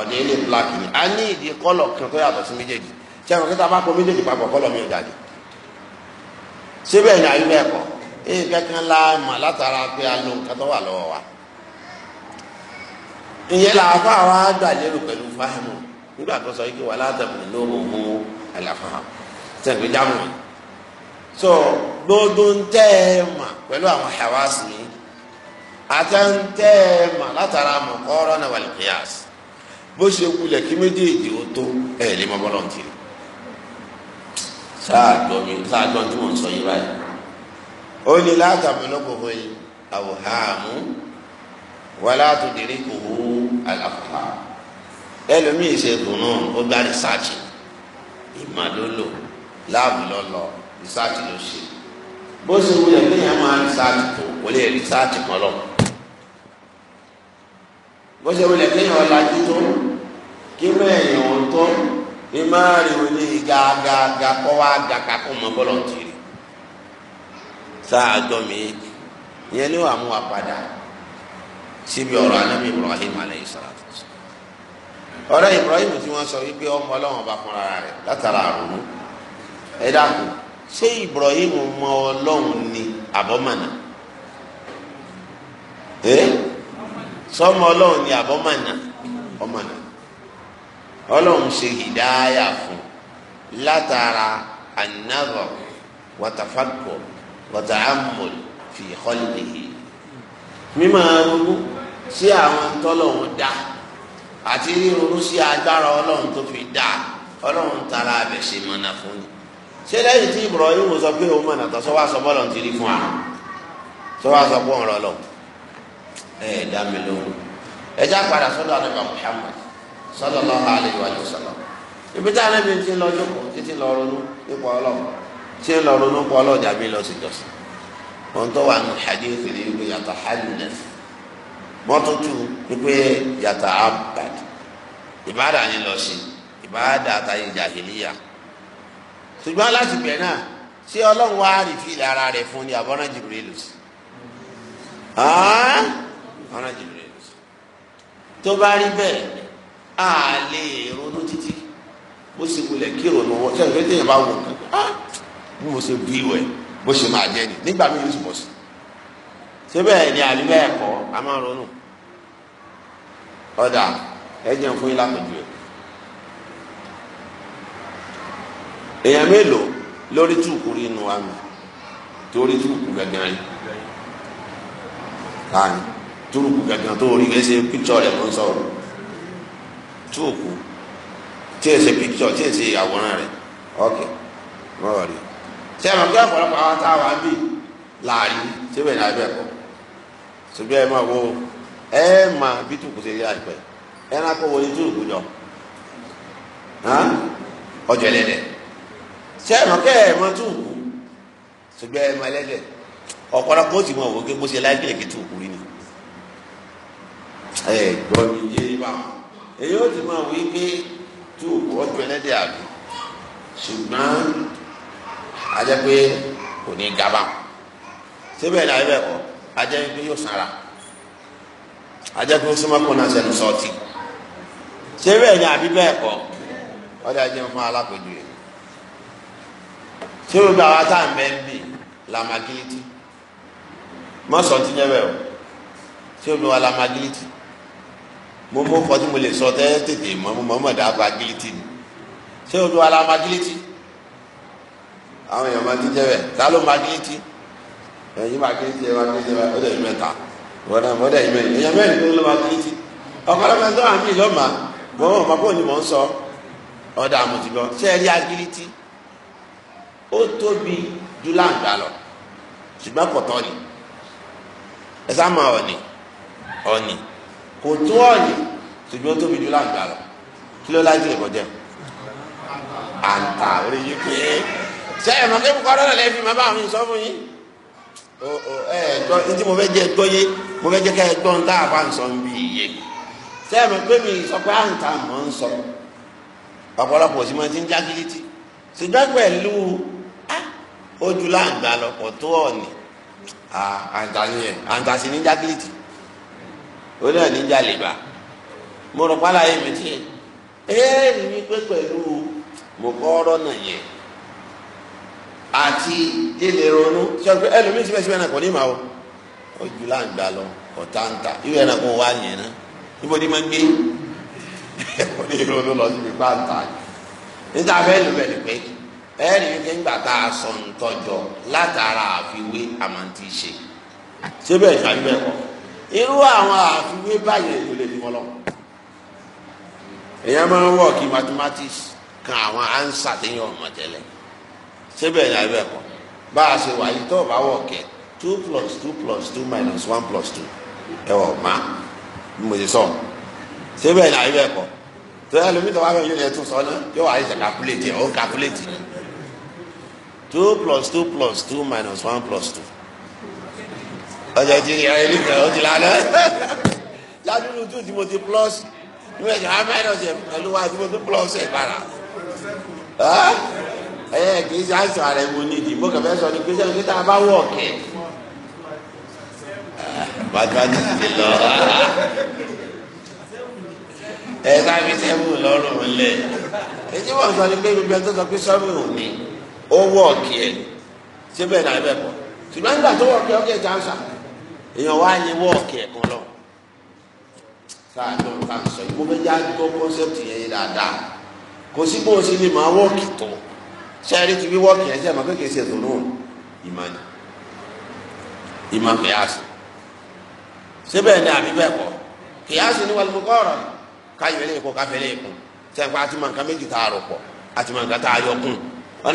ọ̀dẹ̀ ilé black ni a ní ìdí kọ́lọ̀ kan tó yàtọ̀ sí méjèèjì tí a mọ̀ kí tá a bá kó méjèèjì papọ̀ kọ́lọ̀ mi ò jáde síbẹ̀ ní ayé bẹ́ẹ̀ kọ́ èyí kankan la mà látara pé a lo nǹkan tó wà lọ́wọ́ wa ìyẹn làwọn afọ àwọn àgbà lérò pẹ̀lú fáhìmù nígbà tó sọ yìí wà látàbí lóru hu àlàfáà sẹ́ǹkì jámù yìí so gbogbo ń tẹ́ ẹ mà pẹ̀lú àwọn hawasi àti ń tẹ́ ẹ mà látara mọ̀kọ́rọ́ náà wà lè kíyàsí bó ṣe wulẹ̀ kí méjèèjì ó tó ẹ̀ lè mọ bọ́lọ̀ tì sáàgbọ́ mi sáàgbọ́ tí mò ń sọ yìí báyìí ó ní látàmú lọ́kọ̀ọ́ yìí àwòhámú wàlá tó dirí kò wú àlàfà ẹlòmíì ṣe dùnú ó gbá rìsáàtì ìmàlólò láàbù lọ́lọ́ rìsáàtì ló ṣe bó ṣe wulẹ̀ kéèyàn máa rìsáàtì tó kò lè rìsáàtì kan bó ṣe wulẹ̀ kéèyàn ọ̀làjú tó kímọ̀ èèyàn ò tó ìmọ̀ àríwò ní gàgàgà kọ́ wá gàgà kó mọ bọ́lọ̀ tìrì sáà jọ mi ìyẹn ni wàá mú wa padà síbi ọ̀rọ̀ anábì Ibrahim aleyhi salatu ọ̀rọ̀ Ibrahim tí wọ́n sọ wípé ọmọ ọlọ́run ọba fúnra rẹ̀ látara àrùn ẹ dákun ṣé Ibrahim mọ ọlọ́run ni àbọ̀mọ̀nà ẹ sọmọ ọlọ́run ni àbọ̀mọ̀nà ọmọnà ọlọ́run ṣe hìdáyà fún látara an-nazar wa tafakkur wa ta'ammul fi khalqihi mímọ ronú sí àwọn tọ́lọ́run dá àti ríronú sí agbára ọlọ́run tó fi dá ọlọ́run tara abẹ ṣe mọ̀nà fún ni ṣé lẹ́yìn tí Ibrahim sọ pé òun mọ̀nà tó sọ wá sọ bọ́ọ̀lù ti rí fún wa sọ wá sọ pé lọ ẹ dá mi lóhùn ẹ já padà sọ́dọ̀ àdàbà Muhammad sallallahu alaihi wa sallam ibi tí alẹ́ mi ti lọ jókòó títí lọ ronú nípa ọlọ́run tí ń lọ ronú nípa ọlọ́run àbí lọ sí jọ́sìn wọn tó wà ní hadith ìfìlẹ ìwé yàtọ̀ hàlùlẹ mọtòtù wípé yàtọ̀ abad ìbáàdà ni lọ sí ìbáàdà àtàyè jàhìlíyà ṣùgbọ́n láti bẹ̀ náà ṣé ọlọ́run wá rí fílẹ̀ ara rẹ̀ fún ni àbọ̀nà jìbìrìlù sí ọ̀nà jìbìrìlù sí tó bá rí bẹ́ẹ̀ a lè ronú títí bó ṣe wulẹ̀ kí ronú wọn sẹ́yìn bá ah ṣe bí wẹ̀ bó ṣe máa jẹ́ ni nígbà mi yóò ni àbí bẹ́ẹ̀ kọ́ a máa ronú ọ̀dà ẹ fún yín lápẹ̀jù ẹ̀. èèyàn mélòó lórí túùkù rí inú wa mi torí túùkù gàgàn rí láàrin túùkù gàgàn tó rí tí ò kú tí ẹ ṣe píkítọ̀ tí ẹ ṣe àwòrán rẹ̀ ọ̀kẹ́ wọ́n wà rí ṣé ẹ mọ̀ pé ọ̀pọ̀lọpọ̀ àwọn tá a wà bí láàyè ṣé bẹ́ẹ̀ ni àbẹ̀ kọ́ ṣùgbọ́n ẹ máa wo ẹ máa bí tùkù ṣe yá ìpẹ́ ẹ náà kó wọlé tùkù jọ ọjọ́ ẹlẹ́dẹ̀ ṣé ẹ mọ̀ pé ẹ mọ̀ tùkù ṣùgbọ́n ẹ mọ̀ ẹlẹ́dẹ̀ ọ̀pọ̀lọpọ̀ ó ti wò ó gé bó ṣe láì èyí ó ti máa wí pé tí òkú ọjọ́ àbí ṣùgbọ́n ajẹ́ pé kò ní gaba síbẹ̀ ní ayé bẹ́ẹ̀ kọ́ ajẹ́ pé yóò sanra ajẹ́ pé ó súnmọ́ kó náà sẹ́nu sọ́ọ̀tì síbẹ̀ ní àbí bẹ́ẹ̀ kọ́ ọdẹ ajé fún alákòjú tí gbogbo àwọn tá à ń làmàgìlìtì ti o tí mo mọ kọ́ tí mo lè sọ tẹ́ tètè mọ́ mo mọ̀ mọ̀ dá ba gílítì ni ṣé o lo ara ma gílítì àwọn èèyàn máa ti jẹ́ bẹ̀ ta ló ma gílítì ẹ̀yin ma gílítì ẹ̀ ma gílítì ẹ̀ ọ̀dọ̀ yìí mẹ́ta wọ́n ọ̀dọ̀ yìí mẹ́rin èèyàn mẹ́rin ló ma gílítì ọ̀pọ̀lọpọ̀ tó àmì ìlọ́mà mọ̀ mọ̀ mọ̀ bóyá ni mò ń sọ ọ̀dọ̀ àmùtìgbọ́ ṣé ẹ rí agílítì ó tóbi ju láǹgbà lọ ṣùgbọ́n kọ̀tọ́ ni ẹ sá máa ọ̀nì ọ̀nì kò tó ọ̀yìn ṣùgbọ́n ó tóbi jù láǹgbà lọ kí ló lájú ẹ̀kọ́ jẹ́ àǹtà orí yìí pé ṣé ẹ̀mọ́ kí kọ́ lọ́dọ̀ lẹ́fì má bá mi sọ fún yín ẹ ẹ̀gbọ́n ní tí mo fẹ́ jẹ́ ẹ̀gbọ́n yé mo fẹ́ jẹ́ ká ẹ̀gbọ́n tá a bá ń sọ ń bí iye ṣé ẹ̀mọ́ pé mi sọ pé àǹtà mọ̀ ń sọ ọ̀pọ̀lọpọ̀ sí mo ti ń jágilítì ṣùgbọ́n pẹ̀lú ojú láǹgbà lọ kò tó ọ̀nì àǹtà àǹtà sì ní jágilítì ó náà ní jalè bá mo rò pálá yẹn mi tiẹ̀ ẹ́ẹ́ ní wípé pẹ̀lú mọ̀kọ́rọ́ náà yẹn àti líle ronú sọ́kùn ẹlòmíì síbẹ̀síbẹ̀ náà kò ní màá o ojú là ń gbà lọ ọ̀tá ń ta irú ẹ̀ náà kò wá yẹn náà níbo ni máa ń gbé kò *laughs* ní ronú lọ síbi bá ń ta níta bẹ́ẹ̀ ló bẹ̀ ni pé ẹ̀ẹ́dì wípé ńgbà tá a sọ ń tọjọ látara àfiwé àmọ́ ti ṣe síbẹ̀ ìfàgbẹ́ kọ́ irú àwọn àfiwé báyìí kò lè dìbò lọ. èèyàn máa ń wọ̀ kí mathematics kan àwọn ansa téèyàn ọmọ tẹ́lẹ̀ síbẹ̀ ní abẹ́ kọ́ bá a ṣe wà yìí tó o bá wọ̀ kẹ́ two plus two plus two minus one plus two ẹ wọ̀ ma mo ti sọ síbẹ̀ ní abẹ́ kọ́ tó yẹ lómi tó wà fẹ́ yóò yẹ tó sọ náà yóò wà yìí ṣe calculate ẹ̀ two plus two plus two minus one plus two ọjà ti rí ayé nìkan ó ti lànà *laughs* ládùúgbò tún tí mo ti plus ní ẹ̀jẹ̀ á minus ẹ̀ pẹ̀lú wa tí mo ti plus ẹ̀ para ẹ̀ kì í ṣe àìsàn ààrẹ mo ní ìdìbò kẹfẹ́ sọ ni pé sẹ́yìn kí tá a bá wọ̀ kẹ́ bàtúwájú ti ti lọ *laughs* ẹ sáfi sẹ́wù lọ́rùn lẹ̀ èyí wọ́n sọ ni pé gbogbo ẹni sọ pé sọ́ọ̀bù ò ní ó wọ̀ kẹ́ síbẹ̀ náà bẹ̀ pọ̀ ṣùgbọ́n nígbà tó wọ̀ kẹ́ ó kẹ́ ẹ̀ jáǹsà. èèyàn wá yẹ wọ́ọ̀kì ẹ̀kan lọ sáà tó sọ yìí mo fẹ́ já gbọ́ yẹn dáadáa kò sí bó sí sì lè wọ́ọ̀kì tó sẹ́ẹ̀rì ti fi wọ́ọ̀kì ma sẹ́ẹ̀ máa kékeré sí náà ìmọ̀ ni ìmọ̀ kìyàsì síbẹ̀ ni bẹ́ẹ̀ kọ́ kìyàsì ni méjì tá a pọ̀ àti tá a yọ a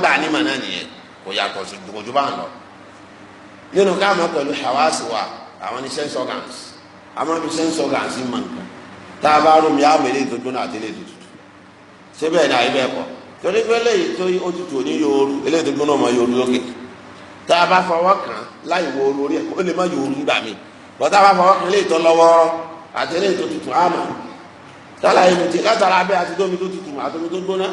gbà ní nìyẹn kò yàtọ̀ sí nínú ká mọ̀ pẹ̀lú hawasi wa àwọn ní sense organs àwọn ní sense organs ń mọ̀ nǹkan tá a bá rò mí àwọn èlé ìtọ́jú náà àti èlé ìtọ́jú síbẹ̀ ní àyè bẹ́ẹ̀ kọ́ torí pé eléyìí tó ojútùú òní yòòrù eléyìí tó gbóná ọmọ yòòrù lókè tá a bá fọwọ́ kàn láì wo orí ẹ̀ ó lè má yòòrù gbà mí bọ́tà bá fọwọ́ kàn eléyìí tó lọ́wọ́ àti eléyìí tó tutù àmọ́ tọ́lá yìí ti látara abẹ́ àti tómi tó tutù àti tó gbóná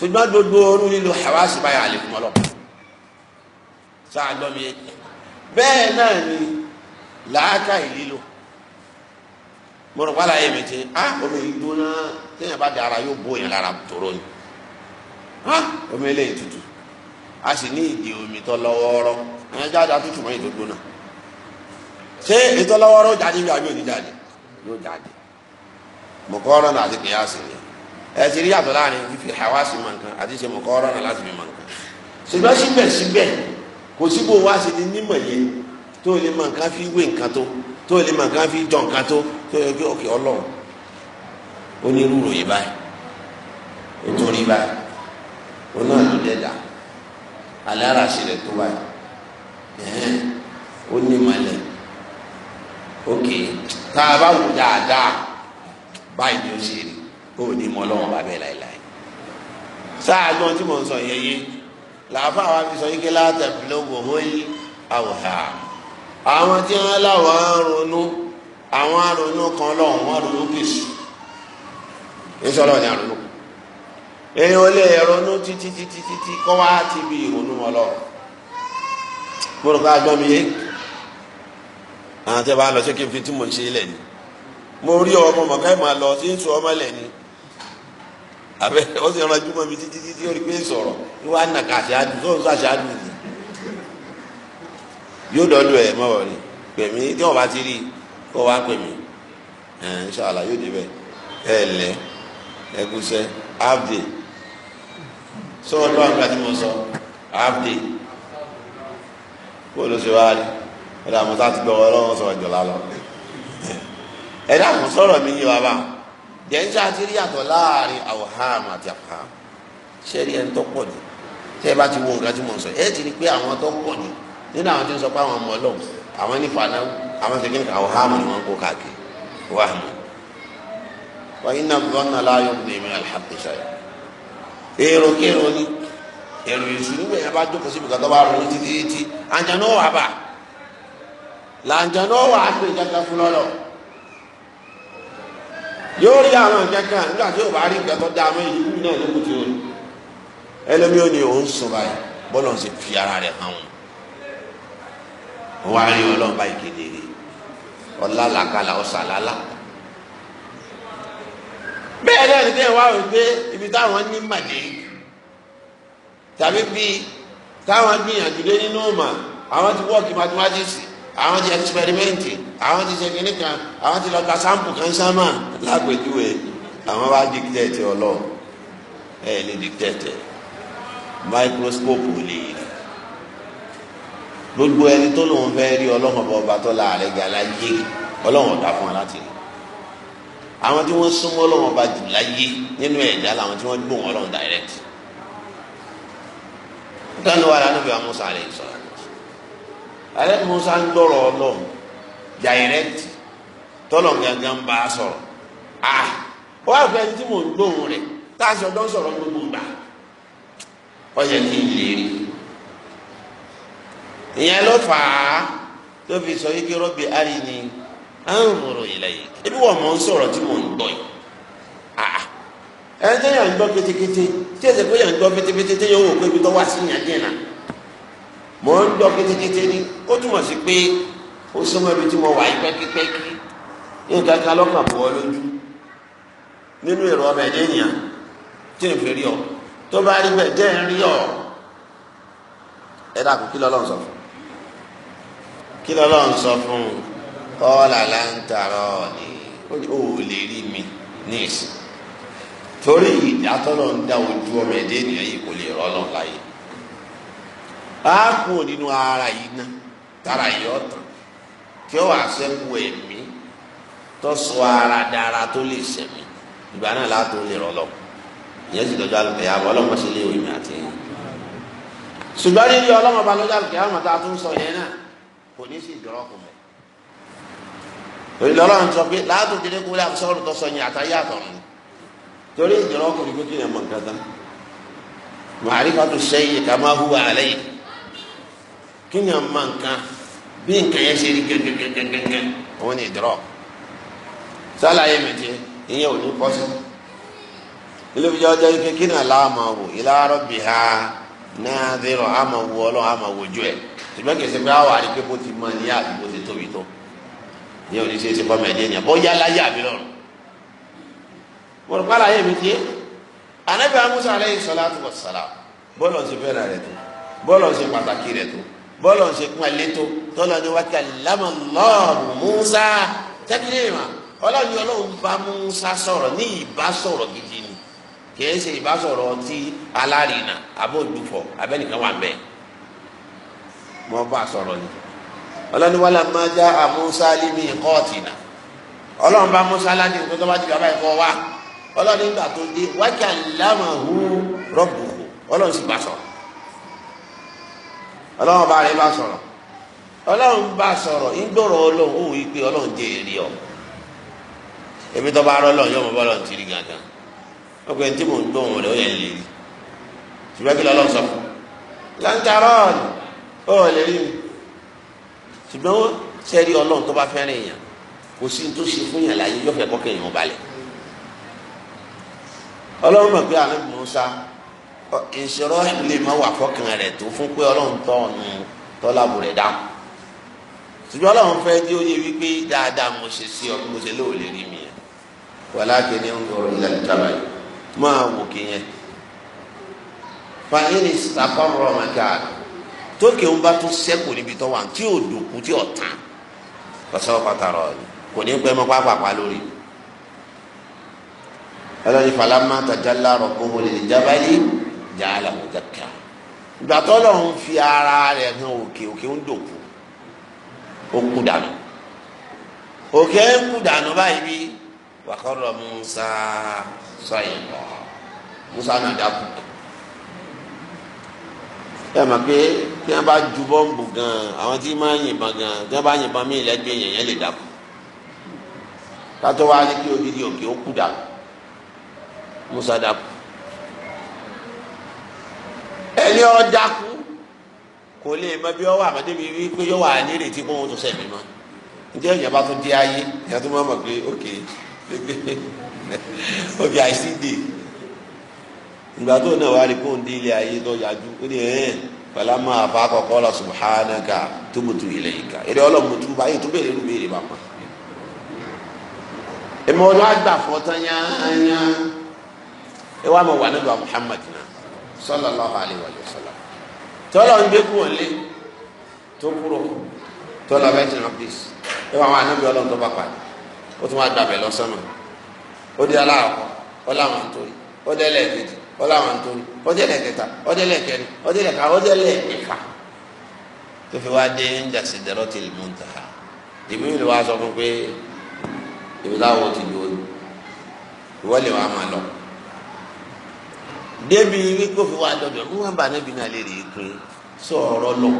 ṣùgbọ́n gbogbo orú lílo hawasi báyà àlè fún ọlọ́pàá sáà gbọ́ mi yé bẹ́ẹ̀ náà ni làákà ìlílò mo rò wàhálà yẹn mi ti a ah, omi ìgbóná téèyàn bá dara yóò bó yẹn lára tóró ni a ah, omi eléyìí tutù a sì ní ìdí omi tó lọ́wọ́ọ́rọ́ ẹ̀yẹn jáde atútù mọ́ ètò gbóná ṣé ètò lọ́wọ́ọ́rọ́ jáde bí àbí òní jáde yóò jáde mọ̀kọ́rọ́ náà àti kìyàsí ni ẹ ti rí yàtọ̀ láàrin fífi hawasi mọ̀ nǹkan àti ṣe mọ̀kọ́rọ́ náà láti fi mọ̀ nǹkan ṣùgbọ́n síbẹ̀síbẹ̀ kò síbò wá sí ni nímọ̀ yẹn tó lè mọ nǹkan fi wé nǹkan tó tó lè mọ nǹkan fi jọ nǹkan tó tó yẹ kí ọkẹ ọlọ́run onírúurú yìí báyìí nítorí báyìí wọn náà ló dẹ̀ dà alẹ́ ara ṣe rẹ̀ tó báyìí ẹ̀hẹ́n ó ní malẹ̀ òkè tá a bá wù dáadáa báyìí ni ó ṣe rí ó ní mọ́ ọlọ́run bàbá ẹ̀ láìláì sáà gbọ́n tí mo ń sọ yẹn yé làáfà wa fi sọ yìí kí látẹ̀bílógún òun yìí àwòrán àwọn tí wọ́n láwọn ronú àwọn aronú kan lọ́wọ́ wọn ronú kìsù ìsọlọ ní àrùn lókun èyí ò lè ronú títí títí títí kọ́ wá ti bí ìrònú wọn lọ mo rò pé mi yé àwọn tí wọ́n bá lọ sí kí n fi tí mo ń ṣe ilẹ̀ ni mo rí ọmọ mọ̀ká ẹ̀ máa lọ sí ń sọ ọmọ ilẹ̀ abẹ ọsẹ ọ̀rọ̀ ajúmọ̀ mi títí títí ó rí pé sọ̀rọ̀ ní wàá nà ká aṣáájú tó ń sọ aṣáájú ni yóò dọ́dọ̀ ẹ̀ mọ̀ wọ̀nyí pèmí tí wọ́n bá ti rí kó wá pèmí ẹ̀ ṣàlà yóò débẹ̀ ẹ lẹ̀ ẹgúsẹ́ avde sọ́wọ́n ní wàá gba tí mo sọ avde kó ló ṣe wá rí ọ̀dà àmọ́tá ti gbọ́ ọlọ́run sọ̀rọ̀ jọ̀lá lọ ẹ̀dá àmọ́sọ̀rọ̀ mi yé wa báà jẹ́nsá àti rí yàtọ̀ láàrin awham àti afham ṣé rí ẹni tó pọ̀ jù tẹ́ ẹ bá ti wo nǹkan tí mo sọ ẹ ti rí pé àwọn tó pọ̀ jù nínú àwọn tí ń sọ pé àwọn ọmọ ọlọ́run àwọn ní fanáwó àwọn ṣe kíni awham ni wọ́n ń kó káàkiri wàhámù wa inna dhanna la yughni min al èrò kéèrò ni èrò èṣù nígbà yẹn bá jókòó síbi kàtọ́ bá ronú títí títí àǹjẹ̀ náà wà bá làǹjẹ̀ náà wà á pè jẹ́ká yóò rí àwọn nǹkan kan nígbà tí yóò bá rí nǹkan tó dáa mọ́ èyí kú náà lókùn tí ó rí ẹlẹ́mìíràn ni òun sùn báyìí bọ́lá ń ṣe fi ara rẹ̀ hàn wọn. wọ́n á rí ọlọ́run báyìí kedere ọ̀la làkàlà ọ̀sàlálà. bẹ́ẹ̀ náà ni tẹ́yìn wá rò pé ibi táwọn ní màdé tàbí bíi táwọn gbìyànjú dé nínú ọ̀mà àwọn ti wọ́ọ̀kì mathematics àwọn ti ẹkisiperimenti àwọn ti sẹkìnì kan àwọn ti lọ ka sampo kan sáma lápẹjúwe àwọn bá dikitẹti ọlọ ẹ ní dikitẹti microscope lè rí gbogbo ẹni tó lòun fẹ́ rí ọlọ́run ọba tó láàrẹ ga láyé ọlọ́run ọ̀dà fún wa láti rí àwọn tí wọ́n súnmọ́ ọlọ́run ọba jù láyé nínú ẹ̀dá làwọn tí wọ́n gbóhùn ọlọ́run direct. kánú wa lánàá bí wọn mú sàlẹ̀ sọ̀rọ̀ alẹ́ musa ń gbọ́rọ̀ ọlọ́run direct tọ́lọ̀ gangan bá a sọ̀rọ̀ ah wọ́n á fẹ́ tí mò ń gbóhùn rẹ̀ tá a sọ̀dọ̀ sọ̀rọ̀ gbogbo gbà ọ̀yẹ̀ kì í léèrè ìyẹn ló fà á tó fi sọ yìí kí rọ́bì ni à ń rò ilẹ̀ yìí ebi wọ́n mọ̀ ń sọ̀rọ̀ tí ń gbọ́ yìí ah ẹ̀ ń tẹ́yà ń gbọ́ kétékété tí ẹ̀sẹ̀ pé yà ń gbọ́ pétépété tẹ́yà ó wò pé ibi tó wà sí ìyàn díẹ̀ náà. mo ń gbọ́ kétékété ni ó túmọ̀ sí pé ó súnmọ́ ibi tí mo wà yí pẹ́kípẹ́kí nǹkan kan lọ́kàn bọ̀ ọ́ lójú nínú èrò ọmọ ẹ̀dẹ́ ènìyàn tí n fi rí ọ tó bá rí bẹ́ẹ̀ jẹ́ ń rí ọ ẹ dàkú kí lọ́lọ́run sọ fún kí lọ́lọ́run sọ fún ọ́ọ́lá ni ó lè rí mi ní ìsìn torí ń dá ojú ọmọ ẹ̀dẹ́ yìí kò lè rọ́ láyé. á kú nínú ara yìí ná tara yìí ọ̀tàn kí ó wà sẹ́kù ẹ̀mí tó sọ ara dára tó lè sẹ̀mí ìgbà náà látò lè rọlọ́ ìyẹn sì dọ́jọ́ àlùkẹ́yà bọ́ ọlọ́mọ sí ilé ìwé àti ẹ̀yìn ṣùgbọ́n níbi ọlọ́mọ bá lọ́jọ́ àlùkẹ́yà mọ̀ tá a tún sọ yẹn náà kò ní sí ìdúró kù mẹ́ torí lọ́lọ́run sọ pé láàtò kéde kó lè sọ̀rọ̀ tó sọ yẹn àtàyé àtọ̀run torí ìdúró kù ní kó kí yẹn mọ̀ nǹkan tán màrífà tó sẹ́yìn kà máa yìí kéèyàn máa nǹkan bí nǹkan yẹn ṣe rí gẹ́gẹ́gẹ́gẹ́gẹ́ òun ni ìdúrọ̀ sálàyé mi ti ìyẹn ò ní pọ́sí ilé fi jẹ́ ọjọ́ ike kí ni àlá àmọ̀ wò ilá rọ̀bì ha náà dérò àmọ̀ wò ọlọ́run àmọ̀ wò ojú ẹ̀ ṣùgbọ́n kìí ṣe pé àwọn àrí pé bó ti mọ ní àbí bó ti tóbi tó ìyẹn ò ní ṣe é ṣe fọmọ ẹ̀dẹ́ ènìyàn bóyá láyé àbí lọ́run mo rò pàlàyé anabi amusa aleyhi salatu wa salam bọ́ọ̀lù ọ̀sìn fẹ́ràn rẹ̀ tó bọ́ọ̀lù ọ̀sìn pàtàkì rẹ̀ tó bọ́ọ̀lù ọ̀sẹ̀ kún àlétò tọ́lá ni wákà lámà Musa tẹ́kílẹ̀ mà ọlọ́run bá Musa sọ̀rọ̀ ní ìbásọ̀rọ̀ gidi ni kìí ṣe ìbá ti alárìnà abóòdùfọ̀ abẹ́nìkan wà mọ́ bá sọ̀rọ̀ ni já àmúsá límì kọ́ọ̀tìnà Musa láti bá ti bàbá ẹ̀kọ́ wa tó dé ọlọ́run bá rẹ bá sọ̀rọ̀ ọlọ́run bá sọ̀rọ̀ ńgbọ̀rọ̀ ọlọ́run ó wí pé ọlọ́run jẹ èrè ọ ebi tó bá rọ ọlọ́run yóò mọ bọ́ọ̀lù ti rí gangan wọ́n pe tí mò ń gbóhùn rẹ̀ ó yẹ lè rí ṣùgbọ́n kí lọ́lọ́run sọ fún lantaron ó lè rí mi ṣùgbọ́n sẹ́rí ọlọ́run tó bá fẹ́ràn èèyàn kò sí tó ṣe fún yàn láyé yọ̀fẹ́ kọ́kẹ́ èèyàn balẹ̀ ọlọ́run mọ̀ pé àná ìṣòro lè má wà fọkàn rẹ̀ tó fún pé ọlọ́run tọ́ ọ̀nù tọ́lábù rẹ̀ dáhùn ṣùgbọ́n ọlọ́run fẹ́ tí ó yẹ wípé dáadáa mo ṣe sí ọ mo ṣe lóòlè rí mi yẹn wà láti ní ń gbọ́rọ̀ ilẹ̀ ìjọba yìí máa wò kéèyàn fàyẹ́nì sàkọ́rọ̀ màkà tókè ń bá tún sẹ́kù níbi tó wà tí ò dòkú tí ò tán kọ́sọ́ pàtàrọ̀ kò ní pẹ́ mọ́ pápápá lórí ọlọ́run fàlámà tàjálà rọ̀ kó wọlé ìjábá yìí jàálà mọ̀dàkà ìgbà tó lọ́run fi ara rẹ̀ gan òkè òkè ń dòkú ó kú dànù òkè ń kú dànù báyìí bí wàkọ́rọ̀ Musa sọ̀yìn bọ̀ Musa náà dákú ẹ mọ̀ pé tí wọ́n bá ju bọ́ǹbù gan-an àwọn tí máa ń yìnbọn gan-an tí wọ́n bá yìnbọn mí lẹ́gbẹ̀ẹ́ yẹn yẹn lè dákú kátó wá ní kí odidi òkè ó kú dànù Musa dákú. ẹni ọjà kú kò lè mọ bí ọwọ́ àmọdé mi wí pé yóò wà ní ìrètí pé òun tó sẹmí mọ ǹjẹ́ ìyẹn bá tún dé ayé ìyẹn tó máa mọ pé ok *laughs* ok i see dey ìgbà tó náà wà ní kó ń ilé ayé tó yájú ó ní tumutu tó bá tó ló béèrè èmi àgbà ẹ sallallahu alaihi wa sallam tọ́lọ̀ ń gbé kú wọlé tó kúrò tọ́lọ̀ bẹ́tì nọ́pìs ẹ wà wọn anábì ọlọ́run tó bá pàdé ó tún wá gbàbẹ̀ lọ́sọ́nà ó di aláàkọ́ ó láwọn ń torí ó dẹ́lẹ̀ kejì ó láwọn ń torí ó dẹ́lẹ̀ kẹta ó dẹ́lẹ̀ kẹrin ó dẹ́lẹ̀ ká ó dẹ́lẹ̀ ẹ̀fà tó fi wá dé ń jàsí dẹ̀rọ́ ti lè mú un ìmú ìlú wa sọ fún pé ìbí láwọn ti dùn ó débi wípé òfin wa dọ̀dọ̀ ní wọn bá níbi náà lè rí i pé sọ̀rọ̀ lọ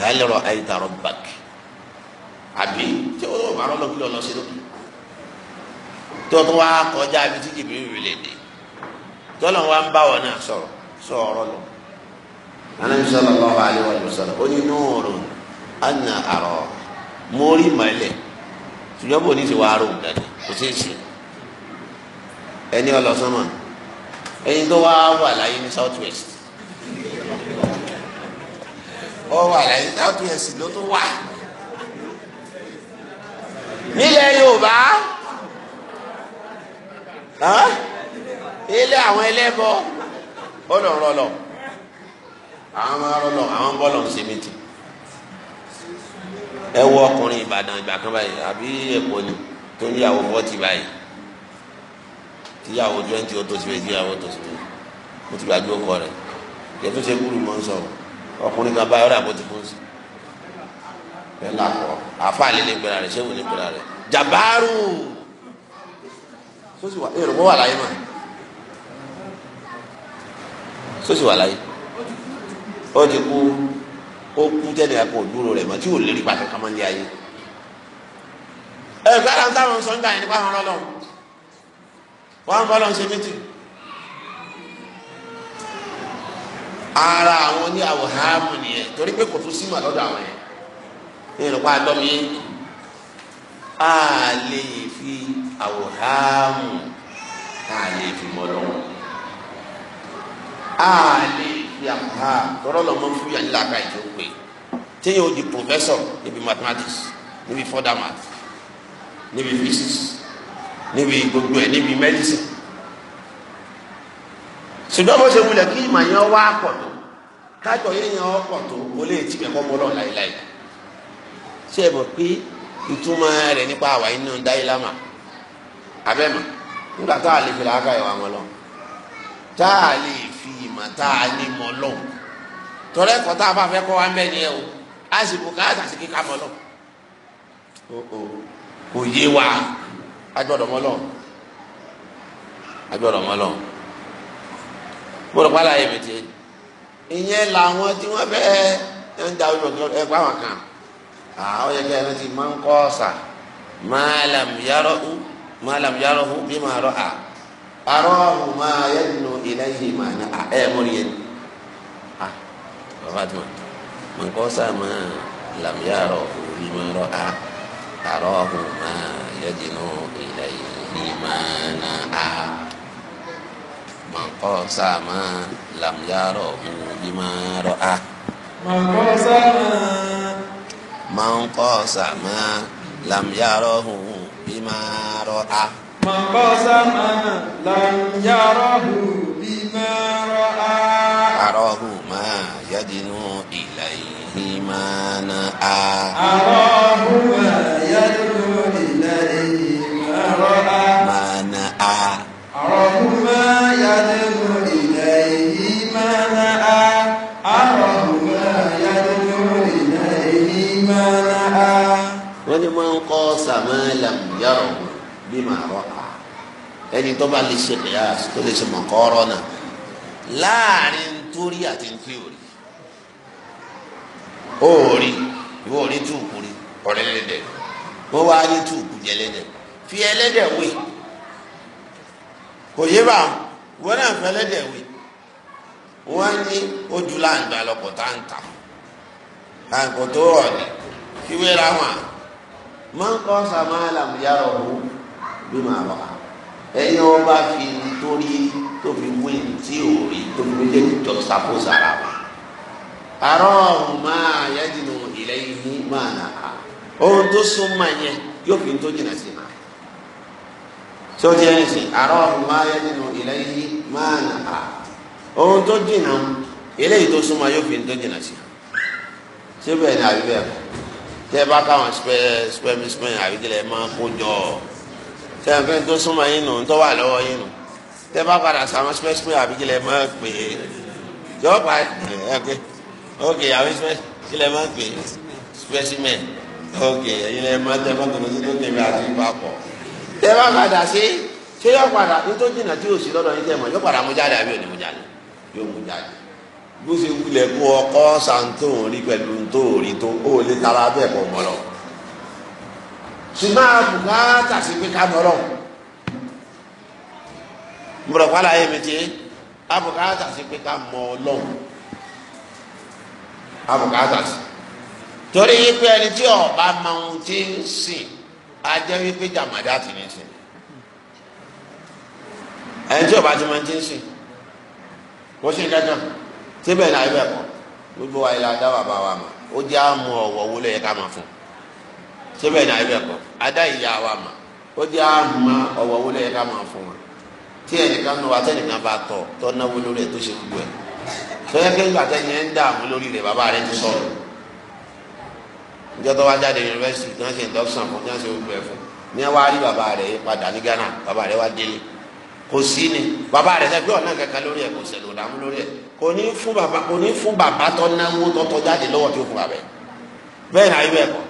hàlẹ́rọ̀ àyíkàrọ̀ bàkì àbí tí ó lọ́wọ́ bàrọ̀ lọ́kìlọ́ lọ sí lókè tó tó wá kọjá àbí tí jìbìrì rìlẹ̀ dé tọ́lọ̀ wa ń bá wọn náà sọ̀rọ̀ sọ̀rọ̀ lọ. anabi sallallahu alaihi wa sallam ní nóòrò ana àrọ mórí mọ́lẹ̀ ṣùgbọ́n bò ní ti wàá rò ń dàdé kò sí ìṣẹ̀lẹ̀ ẹni ọlọsọmọ ẹni tó wá wà láyé ní south west ó wà láyé south west ló tó wà nílẹ̀ yorùbá ilé àwọn ẹlẹ́bọ ọlọ́rọ̀lọ́ àwọn máa rọlọ àwọn bọ́ọ̀lù ń ṣe mìtì ẹ wọ ọkùnrin ìbàdàn ìgbà kan báyìí àbí èkó ni tó ń yàwó bọ́ọ̀tì báyìí tíyàwó twenty ó tó síbẹ̀ tíyàwó tó síbẹ̀ mo ti gbàgbé ọkọ rẹ̀ yẹtú ṣe kúrú mọ́ ń sọ ọkùnrin kan báyọ̀ rà bó ti kún sí bẹ́ẹ̀ làkọ́ àfa àlè ní gbéra rẹ̀ ṣéwù ní gbéra rẹ̀ jàbáàrù sósì wà èrò wọ́n wà láyé mọ́ sósì wà láyé ó ti kú ó kú tẹ́lẹ̀ ẹ̀ kó dúró rẹ̀ mọ́ tí ò lérí pàtàkì kan máa ń lé ayé ẹ̀ gbára táwọn sọ ń gbà yẹn nípa àwọn ọlọ́run wọ́n bá lọ́n ṣe mítì ara àwọn ní àwòhámù nìyẹn torí pé kò tún sí màlọ́dọ̀ àwọn yẹn ní ìrọ̀pá àdọ́mi a lè fi àwòhámù a lè fi mọ̀ lọ́wọ́ a lè fi àwòhámù tọ́rọ́ lọ́mọ fún yàrá ìlàkà ìjókòó téèyàn ó di professor níbi mathematics níbi further math níbi physics níbi gbogbo ẹ̀ níbi mẹ́dísìn ṣùgbọ́n bó ṣe wulẹ̀ kí ìmọ̀ yẹn wá pọ̀ tó kájọ yẹn yẹn ọkọ̀ tó kó lè tì kẹ́kọ̀ọ́ mọ́ lọ́ọ̀ láìláì ṣé ẹ mọ̀ pé ìtumọ̀ rẹ̀ nípa àwà inú dáìlámà abẹ́mọ̀ nígbà tá a lè fi làákà ìwà wọn lọ tá a lè fi ìmọ̀ tá a ní mọ̀ lọ tọ́lá ẹ̀kọ́ tá a bá fẹ́ kọ́ wa ń ni ẹ o a sì bùkátà sí kíkà mọ́ lọ kò yé wa agbọ́dọ̀ mọ́lọ́ agbọ́dọ̀ mọ́lọ́ gbọ́dọ̀ pàlà yẹn mi ti ìyẹn làwọn tí wọ́n fẹ́ ẹ̀ ń da ojú ọ̀gbọ́n ẹ̀ pa àwọn kan àwọn yẹ kí ẹ ti máa ń kọ́ ọ̀sà máa làm yàrá hu máa làm yàrá hu bí máa rọ à àrọ ọ̀hún máa yẹ nù ilẹ̀ yìí máa nà à ẹ̀ mọ́ni yẹn à bàbá àti màá máa ń kọ́ ọ̀sà máa làm yàrá hu bí máa rọ à àrọ ọ̀hún máa yẹ nù إيمانها من قسم لم يره بما رأى من قسم من قسم لم يره بما رأى من قسم لم يره بما رأى أراه ما يدنو إليه ما نأى أراه ما يدنو منعا أرهما يدعو يدعو إليه منعا wọ́n ní máa ń kọ́ sàmẹ́lẹ̀m yàrá bí màá rọ́ a ẹni tó bá lè ṣe kìyà tó lè ṣe mọ̀ kọ́rọ́ náà láàrin torí àti ntí òrì òòrì ìwọ òrì túùkù ọ̀rẹ́lẹ́dẹ̀ wọ́n wá ní túùkù jẹ́lẹ́dẹ̀ fi ẹlẹ́dẹ̀ wé kò yé bá wọn náà fi ẹlẹ́dẹ̀ wé wọn ní ojú láǹgbà lọkọ̀ tá ń tà àǹkó tó rọ̀ ni kí wéra wọn máa ń kọ́ sàmáàlà yàrá òun bí màá bọ̀ ẹni wọn bá fi nítorí tó fi wé tí ò rí tó fi méjèèjì jọ sápò sára wa àrọ́ ọ̀hún máa yẹ́dínú ilẹ̀ yìí máa nà á ohun tó súnmọ́ yẹn yóò fi tó jìnnà sí máa tí ó ti ẹni sìn àárọ̀ máa yẹ nínú ilẹ̀ yìí máa nà á ohun tó jìnnà eléyìí tó súnmọ́ yóò fi tó jìnnà sí ṣé bẹ́ẹ̀ ni àbí bẹ́ẹ̀ tẹ́ ẹ bá káwọn spẹ́mísípẹ́mí àbíkílẹ̀ máa kó jọ tẹ́ ẹ fẹ́ tó súnmọ́ yín nù tó wà lọ́wọ́ yín nù tẹ́ ẹ bá padà sàwọn spẹ́mísípẹ́mí àbíkílẹ̀ máa pè é yọ pa ẹ ok àwọn spẹ́mísípẹ́mí máa pè é spẹ́símẹ̀ ok ẹ̀yin lẹ́ẹ̀ máa tẹ́ bá tó lọ sí tó tẹ̀lé àti ìbá pọ̀ ẹ bá padà ṣe ṣé yọ padà nítorí jìnnà tí òsì lọ́dọ̀ yín tẹ̀mọ̀ yọ padà mú jáde àbí òní mú jáde yóò mú jáde bó ṣe wulẹ̀ kó ọkọ sàǹtò rí pẹ̀lú tó rí tó ó lè tara bẹ́ẹ̀ kọ́ mọ́ lọ. ṣùgbọ́n àbùkátà sí pé ká mọ́ lọ. mọ̀rọ̀ pálá yẹn mi ti àbùkátà sí pé ká mọ́ lọ. àbùkátà torí pé ẹni tí ọba máa ń ti sìn a jẹ́ wípé jàmàdá ti ní sìn ẹni tí ọba ti máa ti ń sìn kó sì ń kankan síbẹ̀ náà ibẹ̀ kọ́ gbogbo wa ilé adá bàbá wa mà ó jẹ́ àmú ọ̀wọ́ owó lẹ́yẹ ká máa fún síbẹ̀ náà ibẹ̀ kọ́ adá ìyá wa mà ó jẹ́ àmú ọ̀wọ́ owó lẹ́yẹ ká máa fún wa tí ẹnìkan náà wà tẹ́nìkan bá tọ̀ tọ́ náwó lórí ẹ̀ tó ṣe gbogbo ẹ̀ sọ́yẹ́kẹ́ ìgbà tẹ́yìn ẹ̀ ń dààmú lórí rẹ̀ bàbá rẹ̀ ti sọ̀rọ̀ níjọ́ tó wá jáde yunifásitì tí wọ́n ṣe ìdọ́sàn fún tí wọ́n ṣe gbogbo ẹ̀ fún ní wọ́n á rí bàbá rẹ̀ padà ní Ghana bàbá rẹ̀ wá délé kò sí ni bàbá rẹ̀ sẹ́gbẹ́ ọ̀nà kankan lórí ẹ̀ kò sẹ̀ lò dààmú lórí ẹ̀ kò ní fún bàbá kò ní fún bàbá tó náwó tó tọ́ jáde lọ́wọ́ tó fún bàbá ẹ̀ bẹ́ẹ̀ ni ayé kọ́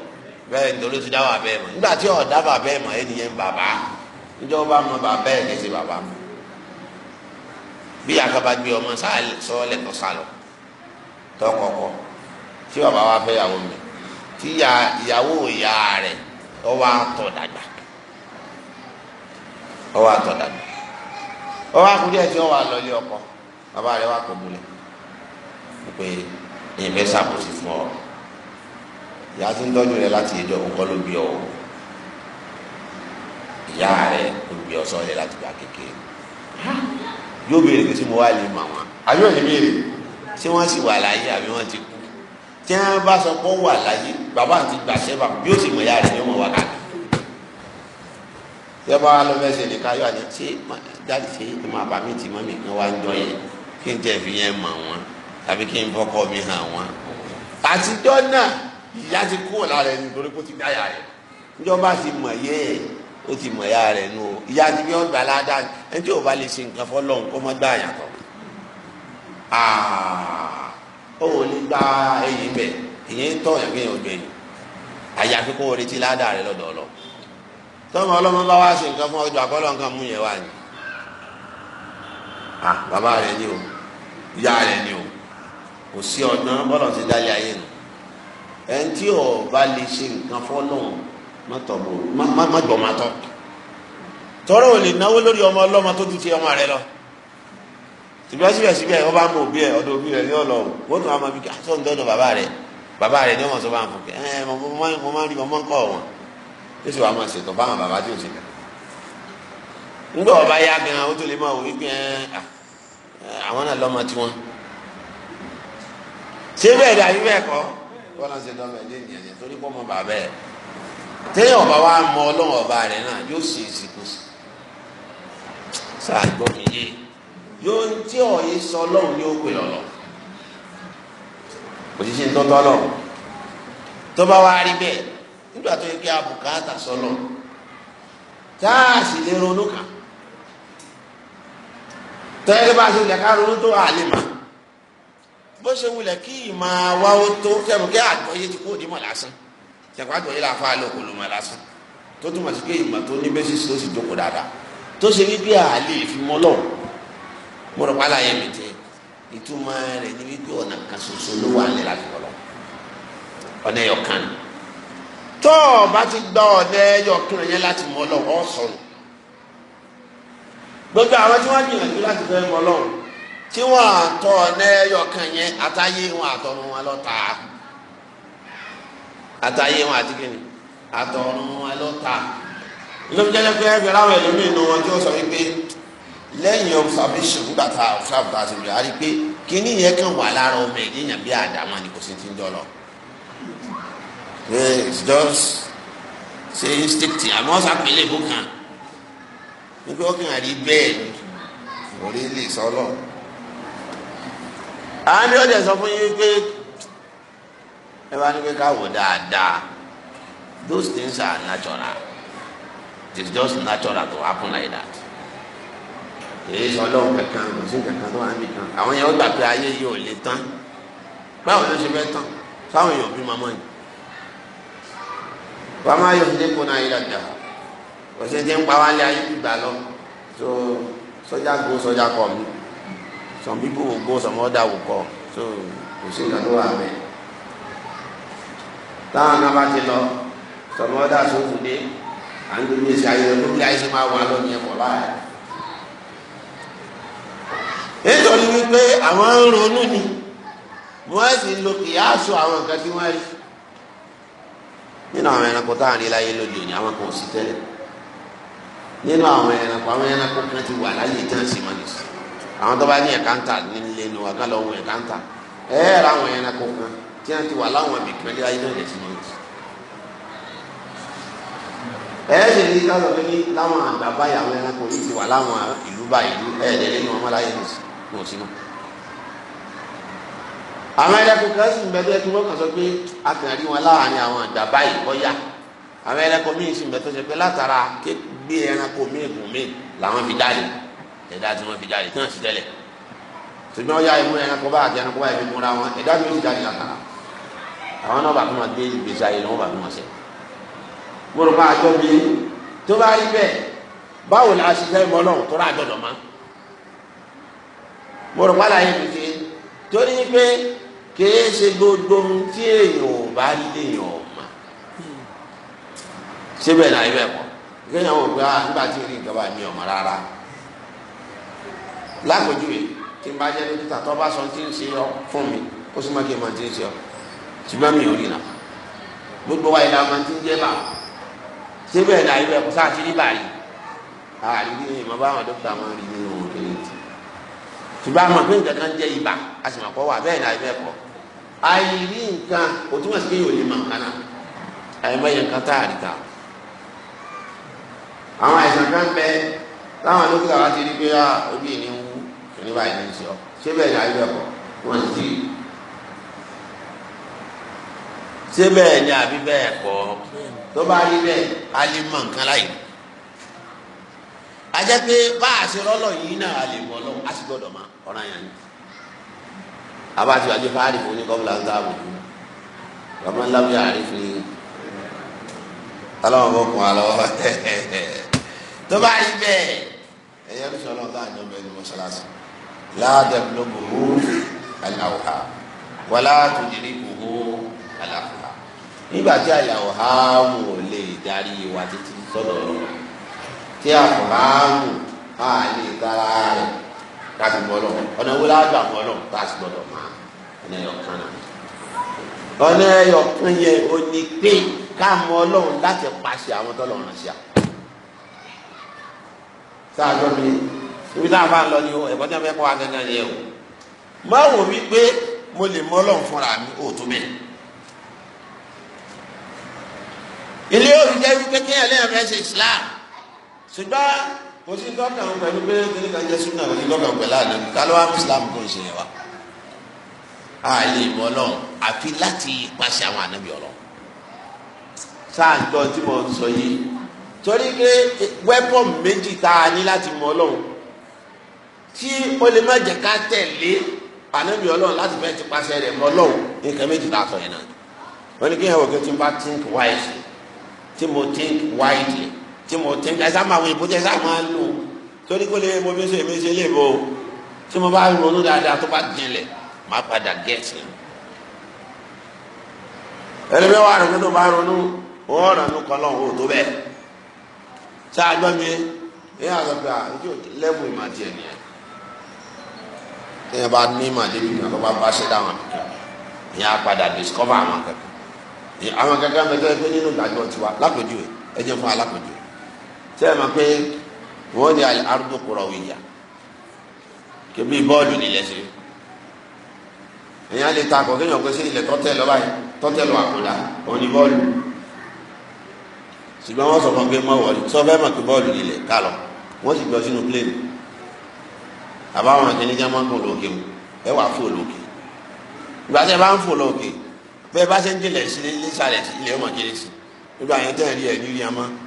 bẹ́ẹ̀ nítorí ti dá bàbá ẹ̀ mọ̀ nígbà tí ọ̀dá bàbá ẹ̀ mọ̀ ẹnìyẹn bàbá níjọ́ bá mọ bàbá ẹ̀ kẹsì bàbá bí akaba gbé ọmọ sọ́ọ́lẹ̀ tó sálọ tọkọ̀kọ̀ tí bàbá wa fẹ́ yàwó mi tí ìyàwó ìyá rẹ̀ ọwọ́ àtọ̀ dàgbà ọwọ́ àtọ̀ dàgbà ọwọ́ àkùjẹ́ tí ọwọ́ àlọ́lé ọkọ bàbá rẹ̀ wà kó bulẹ̀ pé ìfẹ́ sàbòsí fún ọ ìyá tí ń tọ́jú rẹ̀ láti ìjọ òkọ́ ló bí ọ ìyá rẹ̀ ló bí ọ sọ́ọ́lẹ̀ láti gbà kékeré yóò béèrè pé tí mo wá lè mọ̀ wọn àbí wọ́n ti béèrè ṣé wọ́n sì wà láyé àbí wọ́n ti kú tí wọn bá sọ pé wà láyé bàbá àti gbàṣẹ bàbá bí ó sì mọ ìyá rẹ ni ó mọ wá káàkiri tí wọn bá wà lọ fẹsẹ ní káyọ àti ṣé dáàdì ṣe é máa bá mi tì mọ mi kan wá ń jọ yẹn kí n tẹ fi yẹn mọ wọn tàbí kí n fọkọ mi hàn wọn. àtijọ́ náà ìyá ti kúrò lára ẹni torí kó ti dáyà rẹ̀ níjọba ti mọ̀ yẹ́ ẹ̀ ó ti mọ̀ ya rẹ̀ nù o ìyá ti bí wọ́n gbà ládàá ẹni tí ò bá lè ṣe nǹkan fọlọ́run kó má gbà yàtọ̀ òun ní gba ẹ̀yìn bẹ ìyẹn tọ ẹgbẹ yẹn ọgbẹ yìí àyàfi kó o retí ládàá rẹ lọ́dọ̀ ọlọ tọmọ ọlọmọ bá wá sí nǹkan fún ọjọ́ àkọlọ nǹkan mú yẹn wá ni ah bàbá rẹ ni o ìyá rẹ ni o kò sí ọgbọ́n bọlọ ti dálé ayé nu ẹni tí bá lè ṣe nǹkan fọlọ́hún mọ́tò mọ́tò mọ́tò tọ́rọ̀ ò lè náwó lórí ọmọ ọlọ́mọ tó ju ti ọmọ rẹ lọ ṣùgbọ́n síbẹ̀síbẹ̀ ọba mọ òbí ẹ ọ̀dọ̀ òbí rẹ ní ọlọ wọn tún àwọn ọmọbi àtọ ń dọdọ bàbá rẹ bàbá rẹ ní ọmọ sọ bá ń fún kẹ ẹ mo máa ń rí mo máa ń kọ wọn yóò sì wá máa ṣètò báwọn bàbá tí ò ṣe kẹ. ńgbà ọba yá gan ó tó lè máa wò wípé àwọn náà lọ́mọ tiwọn. ṣé bẹ́ẹ̀ dàbí bẹ́ẹ̀ kọ́ wọn náà ṣe dọ́mọ ẹ̀dẹ́ ènìyàn yẹn torí pọ́ mọ bàbá ẹ̀ téèyàn ọba wa mọ ọlọ́run ọba rẹ̀ náà yóò ṣe ìsìnkú sáà gbọ́ mi yé yóò ń tí ọ̀yẹ́ sọ lọ́hùn ní òpè lọ́lọ́ òṣìṣẹ́ ń tọ́tọ́ lọ tó bá wá rí bẹ́ẹ̀ nígbà tó yẹ kí abùkátà sọlọ tá a sì lè ronú kà tẹ́lẹ̀ bá a ṣe lè ká ronú tó àlè mà bó ṣe wulẹ̀ kí ìmọ̀ wa ó tó kẹ́mu kí àgbọ̀yé ti kó òdìmọ̀ lásán ṣẹ̀kọ́ àgbọ̀yé la fa àlòkù lòmọ̀ lásán tó túmọ̀ sí pé ìmọ̀ tó ní bẹ́sí tó sì jókòó dáadáa tó ṣe wípé àlè ìfimọ́ lọ́wọ́ mo rò pálá yẹn mi tẹ ìtumọ̀ rẹ̀ ni wípé ọ̀nà kan ṣoṣo ló wà ní láti ọlọ ọ̀nà ẹ̀yọ̀ kan tó o bá ti gbọ́ ọ̀nà ẹ̀yọ̀ kan yẹn láti mọ ọlọ́run ọ̀ sọ̀rọ̀ gbogbo àwọn tí wọ́n gbìyànjú láti fẹ́ mọ ọlọ́run tí wọ́n àtọ̀ ọ̀nà ẹ̀yọ̀ kan yẹn àtàyé wọn àtọ̀ ọ̀run wọn lọ́ta àtàyé wọn àti kìnnì àtọ̀ ọ̀run wọn lọ́ta ìlú lẹ́yìn observation nígbà tá a observe a ṣe bẹ̀rẹ̀ a rí i pé kíní yẹn kàn wà lára ọmọ bí ni kò sí ti ń dọ́lọ́ eh, it's just say instinct àmọ́ sàpèlè fún kan nígbà ó kàn rí bẹ́ẹ̀ orí lè sọ àmì ọjà sọ fún yín pé ẹ bá ní pé ká dáadáa those things are natural it is just natural to happen like that. èyí sọ ọlọ́run kankan kò sí kankan tó wà níbi kan àwọn yẹn ó gbà pé ayé yìí ò lè tán báwo ló ṣe fẹ́ tán sáwọn èèyàn bí mamọ́ yìí wàá má yọ ní kó náà yìí dàgbà kò sí ti ń pa wálé ayé gbígbà lọ so sọjà go sọjà kọ mi some people will go some other will kọ so kò sí ìkan tó wà bẹ́ẹ̀ táwọn náà bá ti lọ some other sófin dé à ń gbé ní ìsìn ayé rẹ kó bí ayé máa wà lọ ní ẹ̀kọ́ báyìí nítorí wípé àwọn ń ronú ni wọ́n sì lo kìyàsó àwọn nǹkan tí wọ́n rí nínú àwọn ẹranko tá à ń rí láyé lóde òní àwọn kan ò sí tẹ́lẹ̀ nínú àwọn ẹranko àwọn ẹranko kan ti wà láyé tí wọ́n sì máa nìsí àwọn tó bá ní ẹ̀káńtà nílé nu ọ̀gá lọ wọn ẹ̀káńtà ẹ̀ ẹ́ ra àwọn ẹranko kan tí wọ́n ti wà láwọn ibì kan láyé náà lè sí máa nìsí. ẹ́ sì ní ká sọ pé láwọn àgbà báyìí àwọn ẹranko yìí ti wà láwọn ìlú báyìí ẹ̀ ẹ̀ lè ọmọ láyé nìsí wọn ò sí náà. àwọn ẹlẹ́kọ̀ọ́ kan sì ń bẹ tó yẹ kí wọ́n kàn sọ pé a kàn rí wọn láàárín àwọn àgbà báyìí bọ́yá àwọn ẹlẹ́kọ̀ọ́ míì sì ń bẹ tó ṣe pé látara gbé ẹranko míì gùn míì làwọn fi jáde ẹ̀dá tí wọ́n fi jáde tí wọ́n sì tẹ́lẹ̀ ṣùgbọ́n ó ìmú ẹranko bá àti ẹranko báyìí fi múra wọn ẹ̀dá tí wọ́n sì jáde látara àwọn náà bá tó máa gbé ìgbésí ayé lọ́wọ́ bá tó máa ṣe mo rò pé àjọ mi tó bá rí bẹ́ẹ̀ báwo la ṣe fẹ́ mọ́ tó rà mo rò wàhálà yìí fi torí pé kìí ṣe gbogbo ohun tí èèyàn ò bá rí lèèyàn ò mà síbẹ̀ náà ibẹ̀ kọ́ kéèyàn wò pé ah, nígbà tí rí nǹkan bá mi ò mọ̀ rárá lápèjúwe tí n bá jẹ́ dókítà tó bá sọ tí ń ṣe ọ fún mi ó sì má kí n máa ti ń ṣe ọ ṣùgbọ́n mi ò rí náà gbogbo wa ìlànà ti ń jẹ́ bàá síbẹ̀ náà ibẹ̀ kọ́ sáà ti rí bàá rí àrí ní ìmọ̀ báwọn dókítà máa rí nínú ṣùgbọ́n ma máa pé nǹkan kan jẹ́ ibà a sì máa kọ́ wà bẹ́ẹ̀ ni àyè bẹ́ẹ̀ kọ́ àìrí nǹkan o túmọ̀ sí pé yóò lè máa nǹkan náà àìmọye nǹkan tá a rí ta àwọn àìsàn kan bẹ táwọn dókítà wa ti rí pé ah, ojú ìní ń wú ní báyìí ní sọ ṣé bẹ́ẹ̀ ni àyè bẹ́ẹ̀ kọ́ wọ́n ti ṣé bẹ́ẹ̀ ni àbí bẹ́ẹ̀ kọ́ tó bá rí bẹ́ẹ̀ a lè mọ nǹkan láyìí a jẹ́ pé bá a ṣe rọ́lọ̀ yìí náà a lè wọ̀ lọ́wọ́ a sì gbọ́dọ̀ máa ọ̀ràn yẹn ni abájú ajé fáàrí fún oníkọ́bùlà ń dáàbò dùn bàbá ńlá bí àárín fi ọlọ́run bó kun àlọ́ *laughs* tó bá yí bẹ́ẹ̀ ẹ̀yẹ́ ló sọ lọ́ọ́ láàjọ bẹ́ẹ̀ ni mọ́ṣáláṣí láàdẹ̀m ló kò hó aláwòhá wọlá tó dirí kò hó aláwòhá nígbà tí aláwòhá mú ò lè darí wa títí sọ́dọ̀ ọ̀rọ̀ tí àfọ̀hámù á lè dára rẹ̀ káfí mọ́ lọ ọ̀nà wo lágbà mọ́ lọ tá a sì gbọ́dọ̀ máa ọ̀nà ẹ̀yọ̀ kan náà. ọ̀nà ẹ̀yọ̀ kan yẹ o ní pé ká mọ ọlọ́run láti pàṣẹ àwọn tó lọ́rùn sí a. sáà lọ mi ibi tá a bá ń lọ ni ẹ̀kọ́ tí wọ́n fẹ́ kọ́ wa gangan yẹ o. má wò mí pé mo lè mọ ọlọ́run fúnra mi ò tó bẹ́ẹ̀. ilé òfin jẹ́ wípé kéèyàn lẹ́yìn fẹ́ ṣe Islam ṣùgbọ́n kò sí dọ́kà pẹ̀lú pé kí ní ká jẹ́ súnà kò sí dọ́kà pẹ̀lú àná kálọ́ wá kò ṣe yẹn wa a lè mọ àfi láti pàṣẹ àwọn ànábì Ọlọ́run sáà tí mo sọ yìí torí pé wẹ́pọ̀n méjì tá a ní láti mọ Ọlọ́run tí o lè má jẹ́ ká tẹ̀lé ànábì Ọlọ́run láti fẹ́ ti pàṣẹ rẹ̀ mọ Ọlọ́run nǹkan méjì tá a sọ yẹn náà wọ́n ní kí ẹ̀ wọ̀ kí n bá think wisely. tí mo think widely tí mo tẹ ẹ sá máa wọ ìbò tẹ sá máa lò torí kó lè mo fi ṣe èmi ṣe lè bo tí mo bá ronú dáadáa tó bá jinlẹ̀ máa padà gẹ̀ẹ́sì ẹni bẹ́ẹ̀ wà ronú tó bá ronú wọ́n rànú kọ́ lọ́hùn ó tó bẹ́ẹ̀ sáà gbọ́ mi ìyá àgbà lẹ́bù ìmọ̀ àti ẹ̀nìyàn tẹ́yìn bá ní ìmọ̀ débi náà lọ́ba bá ṣẹ́dá àwọn kankan ìyá padà discover àwọn kankan àwọn kankan bẹ́ẹ̀ tó nínú ìdájọ́ tiwa lápèjúwe ẹ jẹ́ fún alápèjúwe sẹ́yìn mọ̀ pé wọ́n ní al-ardu kurawiyya kébí bọ́ọ̀lù nílẹ̀ ṣe èèyàn lè ta akọ kéèyàn pé sí ilẹ̀ tọ́tẹ̀ lọ́ba yìí tọ́tẹ̀ lọ́ba kò dá òní bọ́ọ̀lù ṣùgbọ́n wọ́n sọ fún pé mọ́ wọ̀lú sọ fẹ́ mọ̀ pé bọ́ọ̀lù nílẹ̀ kálọ̀ wọ́n sì gbọ́ sínú pléènì àbáwọn akẹ́nijá máa ń kó lóòkè mu ẹ wàá fò lóòkè ìgbà tẹ́ bá ń fò lóòkè bẹ́ẹ̀ bá ṣe ń jìnlẹ̀ sí ilé sàlẹ̀ ilé ọmọ jìnlẹ̀ sí nígbà yẹn tẹ́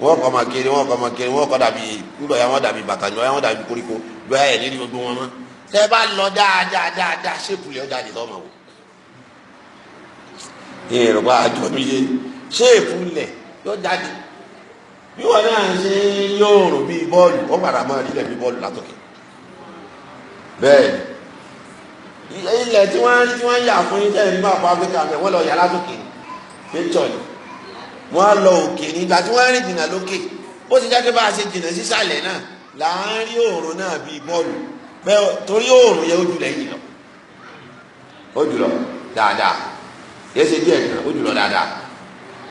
wọn kọ ma kiri wọn kọ ma kiri wọn kọ dàbí ńlọ ya wọn dàbí bàtà ńlọ ya wọn dàbí koríko lọ́yà yẹn nídìí gbogbo wọn mọ́ tẹ́ bá lọ dáadáa dáadáa ṣépù lẹ́yìn dáadé tó ma wò. èrò bá a jọ mi yé ṣépù lẹ̀ yóò dáadé bí wọn náà ṣe yóò rò bí bọ́ọ̀lù ó padà máa rí lẹ̀ bí bọ́ọ̀lù látòkè bẹ́ẹ̀ ilẹ̀ tí wọ́n tí wọ́n yà fún yín tẹ́lẹ̀ nígbà fún áfíríkà bẹ́ẹ̀ wọ́n lọ yà látòkè pé tọ́lù wọ́n á lọ òkè ní ìgbà tí wọ́n rìn jìnnà lókè bó ti jáde bá a ṣe jìnnà sísàlẹ̀ náà là ń rí òòrùn náà bíi bọ́ọ̀lù bẹ́ẹ̀ torí òòrùn yẹn ó jùlọ yìí lọ ó jùlọ dáadáa yẹ ṣe díẹ̀ nìkan ó jùlọ dáadáa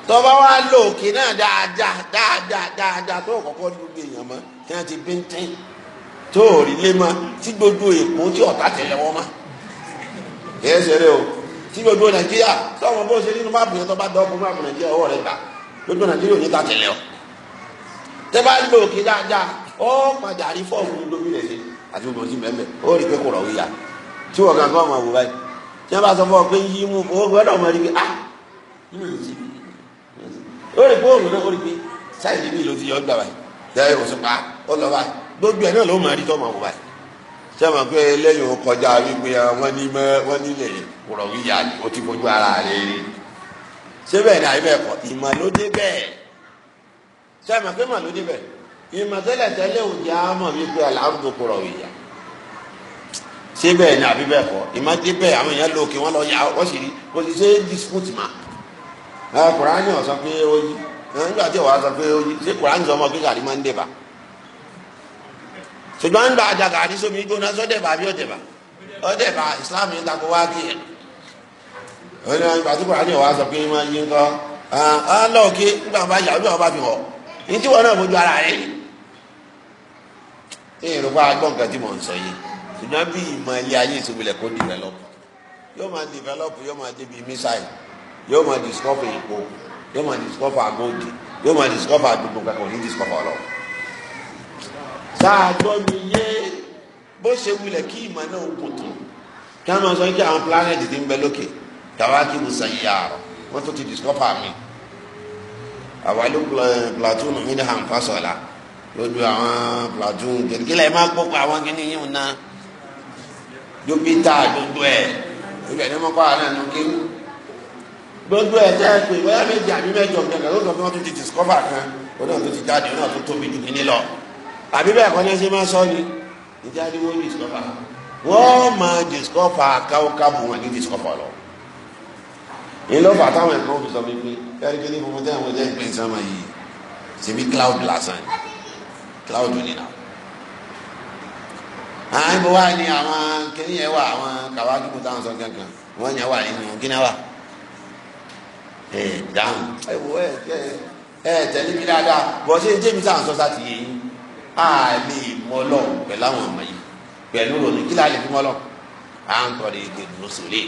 tọ́ba wa lọ òkè náà dáadáa dáadáa dáadáa tó kọ́kọ́ gbogbo èèyàn mọ́ kí wọ́n ti bíntín tó rí lé mọ́ tí gbogbo èkó tí ọ̀tá tẹ̀lé wọn mọ́ yẹ rẹ o tí gbogbo nàìjíríà sọ̀rọ̀ bó ṣe nínú máàpù yẹn tó bá dọ́ fún máàpù nàìjíríà ọwọ́ rẹ̀ gbà gbogbo nàìjíríà ò ní ta tẹ̀lé ọ. tẹ bá lò kí dáadáa ó padà rí fọ́ọ̀mù lómìnira ṣe àti gbogbo tí mẹ́mẹ́ ó rí pé kò rọ̀ wíyà tí wọ́n kankan máa wò báyìí tí wọ́n bá sọ fún ọ pé yí mú owó gbọ́dọ̀ mọ rí pé ah ó rí pé òun náà ó rí pé sáyẹ̀dì sẹ́wọ̀n pé lẹ́yìn kọjá wípé wọ́n ní mọ́ wọ́n nílẹ̀ kúrọ̀ wíyà ni ó ti fojú ara rẹ̀ rí ṣé bẹ́ẹ̀ ni àyíbẹ̀ kọ́ ìmọ̀ ló dé bẹ́ẹ̀ sẹ́wọ̀n pé ìmọ̀ ló dé bẹ́ẹ̀ ìmọ̀ tẹ́lẹ̀ tẹ́lẹ̀ ò jẹ́ àmọ̀ wípé aláàbò kúrọ̀ wíyà ṣé bẹ́ẹ̀ ni àbí bẹ́ẹ̀ kọ́ ìmọ̀ dé bẹ́ẹ̀ àwọn èèyàn lò kí wọ́n lọ yà wọ́n sì rí kò sì ṣe dispute mà kùránì ó pé ó yí nígbà tí ò ṣùgbọ́n ń gba àjàgà àti sómi gbóná sọ́dẹ̀bà àbí ọ̀dẹ̀bà ọ̀dẹ̀bà islam yìí takò wá kí ẹ̀. òun náà ìgbà tí kò rání ọ̀wá sọ pé máa yí ńkọ́ ọlọ́ọ̀kí nígbà wọn bá yà ọdún wọn bá fi wọ̀ ní tí wọn náà mójú ara rẹ̀ yìí. ní ìrọ̀pá agbọ̀ǹkan tí mò ń sọ yìí ṣùgbọ́n bí ìmọ̀ ilé ayé ìṣòwìlẹ̀ kó develop yóò máa develop yóò máa débi missile yóò máa discover epo yóò máa discover gold yóò máa discover gbogbo kankan ní discover ọlọ́run sáà gbọ́ mi yé bó ṣe wulẹ̀ kí ìmọ̀ náà ó kùn tó kí wọ́n máa sọ pé àwọn planet ti ń bẹ lókè tàwa kí mo sàn yà rọ wọ́n tún ti discover mi àwa ló platoon mi ní hanfasola lójú àwọn platoon gẹ́gẹ́lẹ́ máa gbọ́ pé àwọn kìíní yìí ń ná jupiter gbogbo ẹ̀ ìgbà ní mọ́kọ́ àná ní kéwù gbogbo ẹ̀ tẹ́ ẹ pé wọ́n yà méjì àbí mẹ́jọ kẹ́kẹ́ lóòótọ́ bí wọ́n tún ti discover kan ó náà tún ti jáde ó náà tóbi jù kí lọ àbí bẹ́ẹ̀ kọ́ ní máa sọ ni níta ni wọ́n discover wọ́n máa discover káwọ́káwọ́ wọn ní discover lọ. ní lọ́ba táwọn ẹ̀kọ́ fi sọ wípé kẹ́ríkẹ́ ní fúnfún tẹ́wọ̀n jẹ́ ìpín sánmà yìí ṣèbí cloud lásán cloud nínà. àwọn ibo wa ni àwọn kìnìún yẹn wà àwọn kàwájú kò táwọn sọ kankan wọ́n yẹn wà nínú kìnìún wa. ẹ dáhùn ẹ wò ẹ ẹ tẹ̀lé mi dáadáa bọ̀ ṣe jẹ́mi táwọn sọ sá a lè mọ lọ́wọ́ pẹ̀lú àwọn ọmọ yìí pẹ̀lú ronú kí láà lè fi à ń tọ́ de ìgbè dùnú sòlè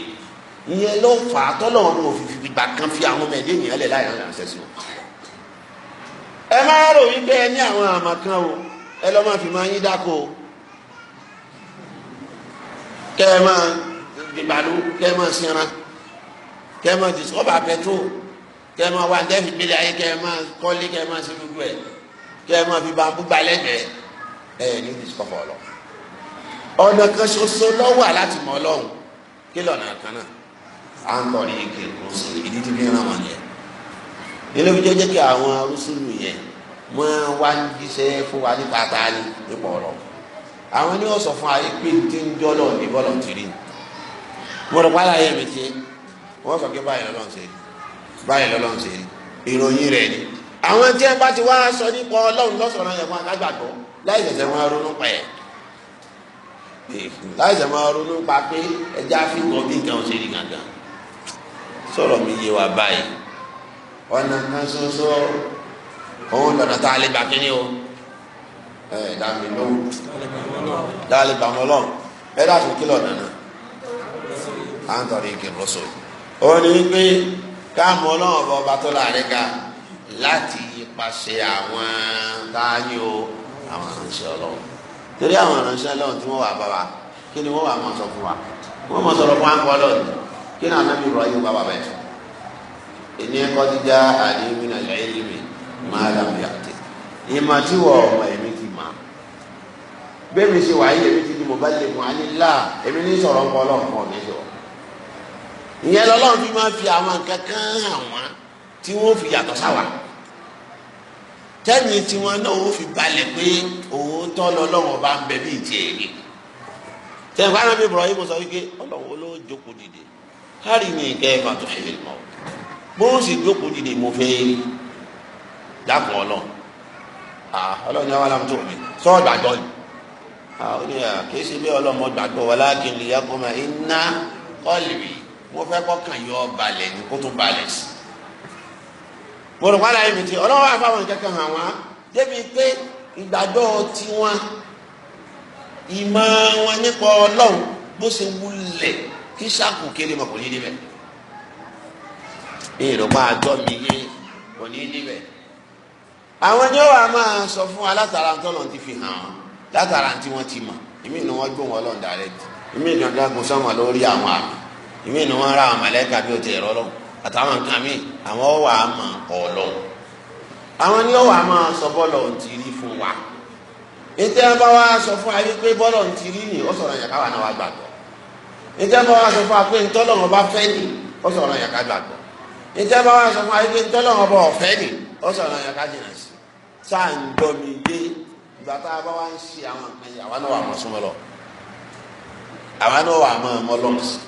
ìyẹn ló fà á tọ́lọ̀ ọ̀run òfìfì gbà kan fi àwọn ọmọ ẹ̀dẹ́ ènìyàn lẹ̀ láyà ń ṣẹ̀ sí o. ẹ má rò wípé ẹ ní àwọn àmà kan o ẹ lọ́ máa fi máa yín dáko o kẹ́ ẹ máa gbàlú kẹ́ ẹ máa sinra kẹ́ ẹ máa dìsọ́bà pẹ̀tró kẹ́ ẹ máa wà ní ẹ̀fìgbélé ayé kẹ́ ẹ máa kọ́lé kẹ́ ẹ máa ṣe gbogbo kí ẹ máa fi bambú gba lẹ́gbẹ̀ẹ́ ẹ ní discover ọlọ ọ̀nà kan ṣoṣo lọ́wọ́ àláti mọ ọlọ́run kí lọ́nà kan náà à ń tọ̀ ní ike rúṣù ìdí tí fi ràn wọ́n yẹn nílẹ̀ fi jẹ́jẹ́ kí àwọn rúṣù yẹn wọ́n wá ń jíṣẹ́ fún wa nípa ta ni nípa ọ̀rọ̀ àwọn ni wọ́n sọ fún ayé pé tí ń jọ́lọ̀ ní bọ́lọ̀ tìrì mo rò pálá yẹn mi ti wọ́n sọ pé báyìí lọ́lọ́ ṣe báyìí lọ́lọ́ ṣe ìròyìn rẹ̀ ni àwọn tí wọn bá ti wá sọ nípa Ọlọ́run lọsọrọ yẹn wọn alágbàgbọ láì ṣẹ̀ṣẹ̀ wọn ronú pa ẹ láì ṣẹ̀ṣẹ̀ wọn ronú pa pé ẹjẹ àfihàn bí nǹkan ṣe rí gangan sọ̀rọ̀ mi yé wa báyìí ọ̀nà kan ṣoṣo òun lọ́nà tá a lè gbà kínní o ẹ dàmí lọ́wọ́ dàlẹ́ bàmọ́ lọ́wọ́ ẹ dàtún kí lọ́nà náà à ń tọrọ igi rọ́ṣọ̀ òun ni wípé káàmù Ọlọ́run ọba tó láàrin ká láti ipasẹ̀ àwọn táyé o àwọn aránṣẹ́ ọlọ́run torí àwọn aránṣẹ́ ọlọ́run tí wọ́n wà bá wa kí ni wọ́n wà mọ̀ sọ fún wa wọ́n mọ̀ sọ̀rọ̀ fún akọ lọ́ọ̀dì kí ni àná mi rọ̀ yóò bá wa bẹ̀ tó èmi ẹ̀kọ́ ti já àdéhùn náà lẹ́yìn lèmi máa dàbí àtẹ ìmọ̀ tí wọ́n ọmọ ẹ̀mí ti mọ̀ bẹ́ẹ̀ mi ṣe wáyé èmi ti di mo bá lè mọ̀ á ní là èmi ní sọ̀rọ̀ ńkọ́ ọlọ́run kọ́ mi sọ̀rọ̀ ìyẹn lọ́lọ́run fi máa fi àwọn nǹkan kan tẹ́mi tiwọn náà ó fi balẹ̀ pé òun tọ́ lọ lọ́wọ́ bá ń bẹ bí ìjẹ́ èrè tẹ́mi kwana bí Ibrahim sọ wípé ọlọ́wọ́ ló jókòó dìde hárì ní ìkẹ́ ẹ̀fà tó ṣe lè mọ̀ bó ń sì jókòó dìde mo fẹ́ dákun ọlọ́run ọlọ́run ni wọn làm tó mi sọ gbàgbọ́ ni ó ní kìí ṣe bí ọlọ́mọ gbàgbọ́ wọlé akin lè yẹ kó máa iná kọ́ọ̀lì mo fẹ́ kọ́kàn yọ balẹ̀ ní kó balẹ̀ sí mo rò wá láyé mi ti ọlọ́wọ́ àfáwọn kankan hàn wá débi pé ìgbàgbọ́ tiwọn ìmọ̀ wọn nípa ọlọ́run bó ṣe wulẹ̀ kí sáàkù kéré mọ̀ kò ní níbẹ̀ èrò máa gbọ́ mi yé kò ní níbẹ̀ àwọn ni ó wà máa sọ fún wa látara tọ́lọ̀ ti fi hàn án látara tí wọ́n ti mọ̀ ìmí ni wọ́n gbóhùn ọlọ́run dàrẹ́tì ìmí ni wọ́n dágun sọ́mọ lórí àwọn àmì ìmí ni wọ́n ra àwọn mọ̀lẹ́kà bí ó ti rọ́lọ́run àtàwọn nǹkan míì àwọn ọwà àmà ọlọ́run àwọn ní ọwà àmà sọ bọ́lọ̀ ń ti rí fún wa ètò ẹ̀ bá wa sọ fún ayé pé bọ́lọ̀ ń ti rí ni ó sọ̀rọ̀ yàrá wa náà wá gbàgbọ́ ètò ẹ̀ bá wa sọ fún wa pé ntọ́lọ́run ọba fẹ́ ni ó sọ̀rọ̀ yàrá gbàgbọ́ ètò ẹ̀ bá wa sọ fún ayé pé ntọ́lọ́run ọba ọ̀fẹ́ ni ó sọ̀rọ̀ yàrá jìnnà sí sáà ìgbà tá a bá wá ń ṣe àwọn nǹkan yìí àwa náà wà mọ́ súnmọ́ lọ àwa náà wà mọ́ ọmọ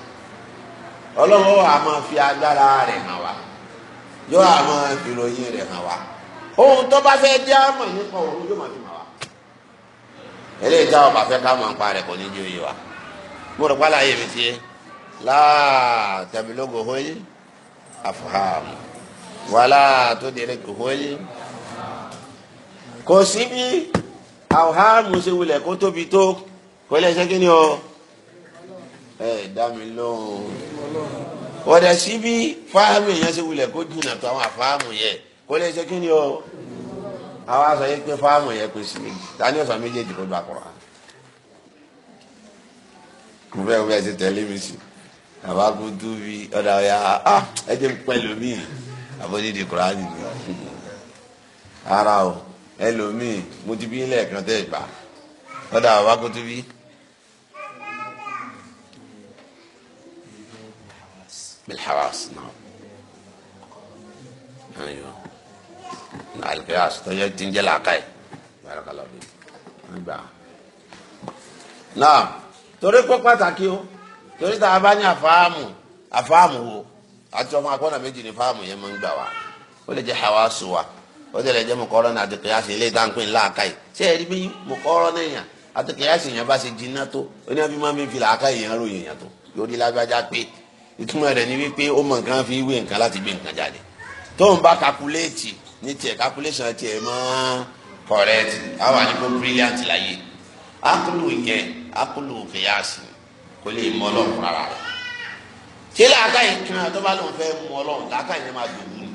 ọlọ́run wa máa fi agbára rẹ̀ hàn wá yóò wá máa fi ròyìn rẹ̀ hàn wá ohun tó bá fẹ́ jẹ́ àmọ̀ nípa òun yóò máa fi hàn wá eléyìí táwọn bá fẹ́ ká máa ń pa rẹ̀ kò ní ju iye wa mo rò pálá yé mi tiẹ̀ láà tẹ̀mílógò hóyé àfọ̀hàmù wàhálà tó délé kò hóyé kò sí bí àwòhàmù ṣe wulẹ̀ kó tóbi tó kò lè ṣe kí ni o ẹ dá mi lóhùn. ọ̀dẹ̀ sí bí fáàmù yẹn wulẹ̀ kó jìnnà tó àwọn àfáàmù yẹn kó lè ṣe kí ni o àwọn aṣọ pé ta ni ọ̀sán méjèèjì ló do àkùrọ̀ tẹ̀lé mi sí àbá kú tú bí ọ̀dà ọ̀yà ah, ẹ jẹ́ kùránì ni ara o mo ti bí lẹ́ẹ̀kan tẹ́ بالحواس نعم ايوه مع القياس تجد العقيد بارك الله فيك نعم torí kó pàtàkì o torí tá a bá ní àfáàmù àfáàmù wo àti ọmọ akọ́nà méjì ní fáàmù yẹn máa ń gbà wá ó lè jẹ́ hawasu wa ó lè jẹ́ mọ̀kọ́rọ́ náà àti kìyàsí ilé ìdáǹpé ńlá àkàyè ṣé ìtumọ̀ rẹ̀ ni wípé ó mọ nǹkan fi wé nǹkan láti gbé nǹkan jáde tóun bá kakuléètì ní tiẹ̀ calculation tiẹ̀ mọ́ correct àwọn àdìgbò brilliant láyé akulu yẹn akulu kìyàsì kò lè mọ ọlọ́run rárá rẹ̀ tí làákàyè kan tó bá lóun fẹ́ mọ ọlọ́run làákàyè yẹn máa dùn mí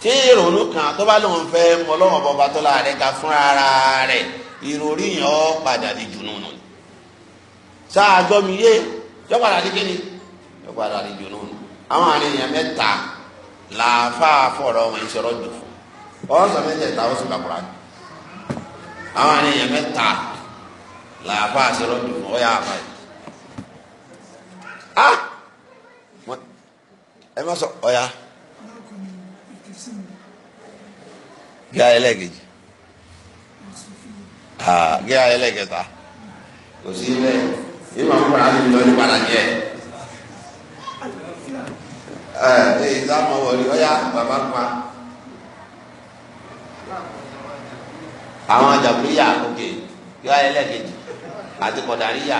tí ìrònú kan tó bá lóun fẹ́ mọ ọlọ́run bọba tó la rẹ̀ ga fún ara rẹ̀ ìròrí yẹn ó padà di jùnú sáà gbọ́ mi yé yọ padà di kíni yóò padà rí jù náà àwọn àníyàn mẹ́ta làáfàá fọ̀rọ̀ wọn ìṣòro jù fún ọ̀sán mẹ́tẹ̀ẹ̀ta ó sì kàkúrà jù àwọn àníyàn mẹ́ta làáfàá ìṣòro jù fún ọ̀yà àfà yìí. a ẹ má sọ ọ̀yà gíga ẹlẹ́gẹ̀jì gíga ẹlẹ́gẹ̀ta kò sí ilé yìí máa ń kọ́ra ní ìlọrin padà jẹ́ ẹ ẹ ìdámọ̀ wọlé ọ̀yá bàbá pa. àwọn jàmbúríyà òkè yọ ẹlẹ́kejì àti kọ̀dàríyà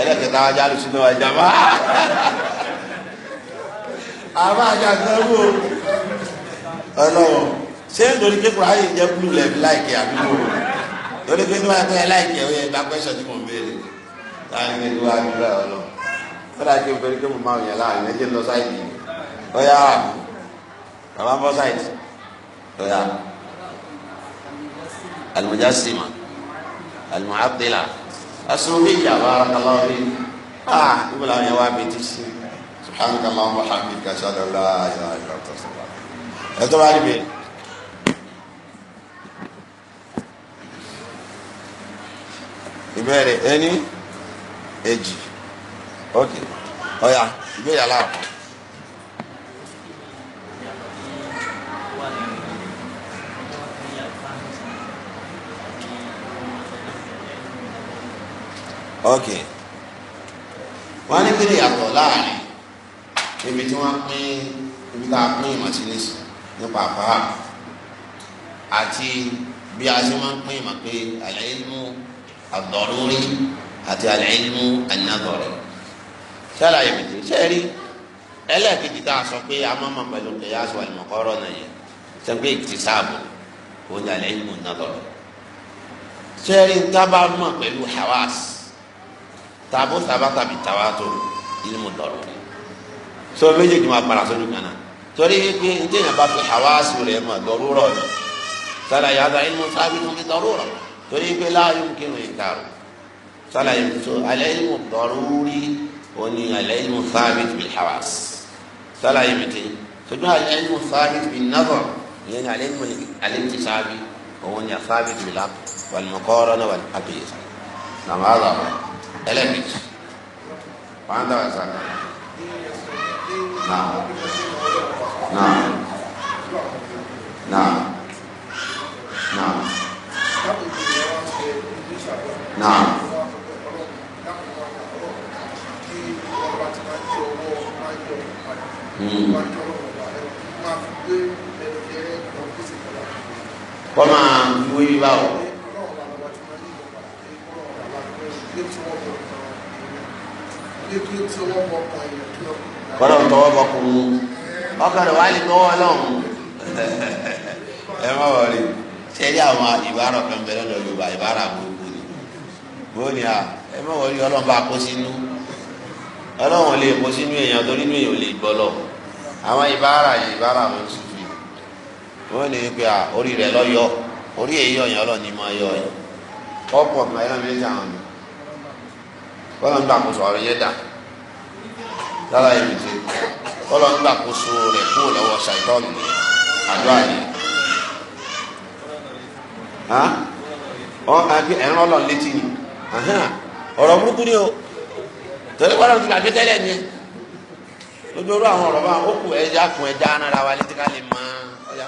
ẹlẹ́kẹta ajá lóṣù náà ìjàmbá. àbá àjà sẹ́wọ́ ọlọ́wọ́ ṣé nítorí kékeré ayé jẹ́ kúlù lẹ́bi láìkẹ́ àbúrò torí pé níwájú pé láìkẹ́ ó yẹ gba pẹ́sọ̀ tí mò ń béèrè láàrin ìlú àdúrà ọlọ́wọ́ ó dájú pé kí mo máa yàn láàrin ẹjẹ́ lọ sáyé yìí oya bàbá ń bọ́ oya ọ̀yà alimujasima alimuhabdila asubiya barakallahu fi ah ibùdó àwọn yẹn wá bi ti si subhanaka allahumma wa hamdika ashhadu an la ilaha illa anta astaghfiruka ok ọ̀yà ìbéèrè aláwọ̀. ok wọ́n á ní kí ni yàtọ̀ láàrin ibi tí wọ́n pín ibi tá a pín ìmọ̀ sí nísì nípa àfáà àti bí a ṣe máa ń pín ìmọ̀ pé al-ilmu ad-daruri àti al-ilmu an-nadari ṣàlàyé mi ti ṣe rí ẹlẹ́ẹ̀kejì tá a sọ pé a máa ma pẹ̀lú qiyas wal-muqarana náà yẹn ṣe pé iktisabu òun ni al-ilmu an-nadari tábà mọ̀ pẹ̀lú hawas tààbó tààbá tàbí tàwa tó ilmu dọ̀rọ̀ so méjèèjì máa para So kan náà torí wípé ntẹ̀yìn bá fi hawaasi rẹ̀ mọ̀ dọ̀rọ̀ rọ̀ ni sara yàtọ̀ ilmu sábì tó fi dọ̀rọ̀ rọ̀ torí wípé láàyò kí ni ìkarò sara yìí so alẹ́ ilmu dọ̀rọ̀ rí òní alẹ́ ilmu sábì tó fi hawaasi sara yìí ti ṣùgbọ́n alẹ́ ilmu sábì tó fi nazar ìyẹn ni alẹ́ ilmu alẹ́ ti sábì òun ni sábì tó fi lápò wàlùmọ̀kọ́rọ́ náà wàlùmọ̀kọ́rọ́ náà wàlùmọ̀kọ́rọ́ náà ẹlẹ́kejì one thousand na na na na na. Hmm. kọ́mà wíwí báwo. kọ́lọ̀ ń tọwọ́ bọ̀ kún un ọkàn rẹ̀ wá tọwọ́ ọlọ́run *laughs* ẹ má ṣe rí àwọn ìbára kan bẹ yorùbá ìbára gbogbo ni bóyá à ẹ má wọlé ọlọ́run bá kó sínú ọlọ́run lè kó sínú èèyàn torí inú èèyàn lè àwọn ìbára yìí ìbára sùn fi orí orí èyí ọ̀yàn ọlọ́run ni yọ ọ̀yàn ọ̀pọ̀ méjì àwọn mi. kọ́lọ́n gbàkóso ọ̀rọ̀ yẹn dà lára ìlú ti kọ́lọ́n gbàkóso rẹ kúrò lọ́wọ́ ṣàìtọ́nù ni àdúrà ni ẹ̀rọ ọlọ́run létí ni burúkú ni o torí ti gbàgbé ni lójú orú àwọn ọ̀rọ̀ bá ó kù ẹja kun ẹja wa létí ká lè mọ ọjà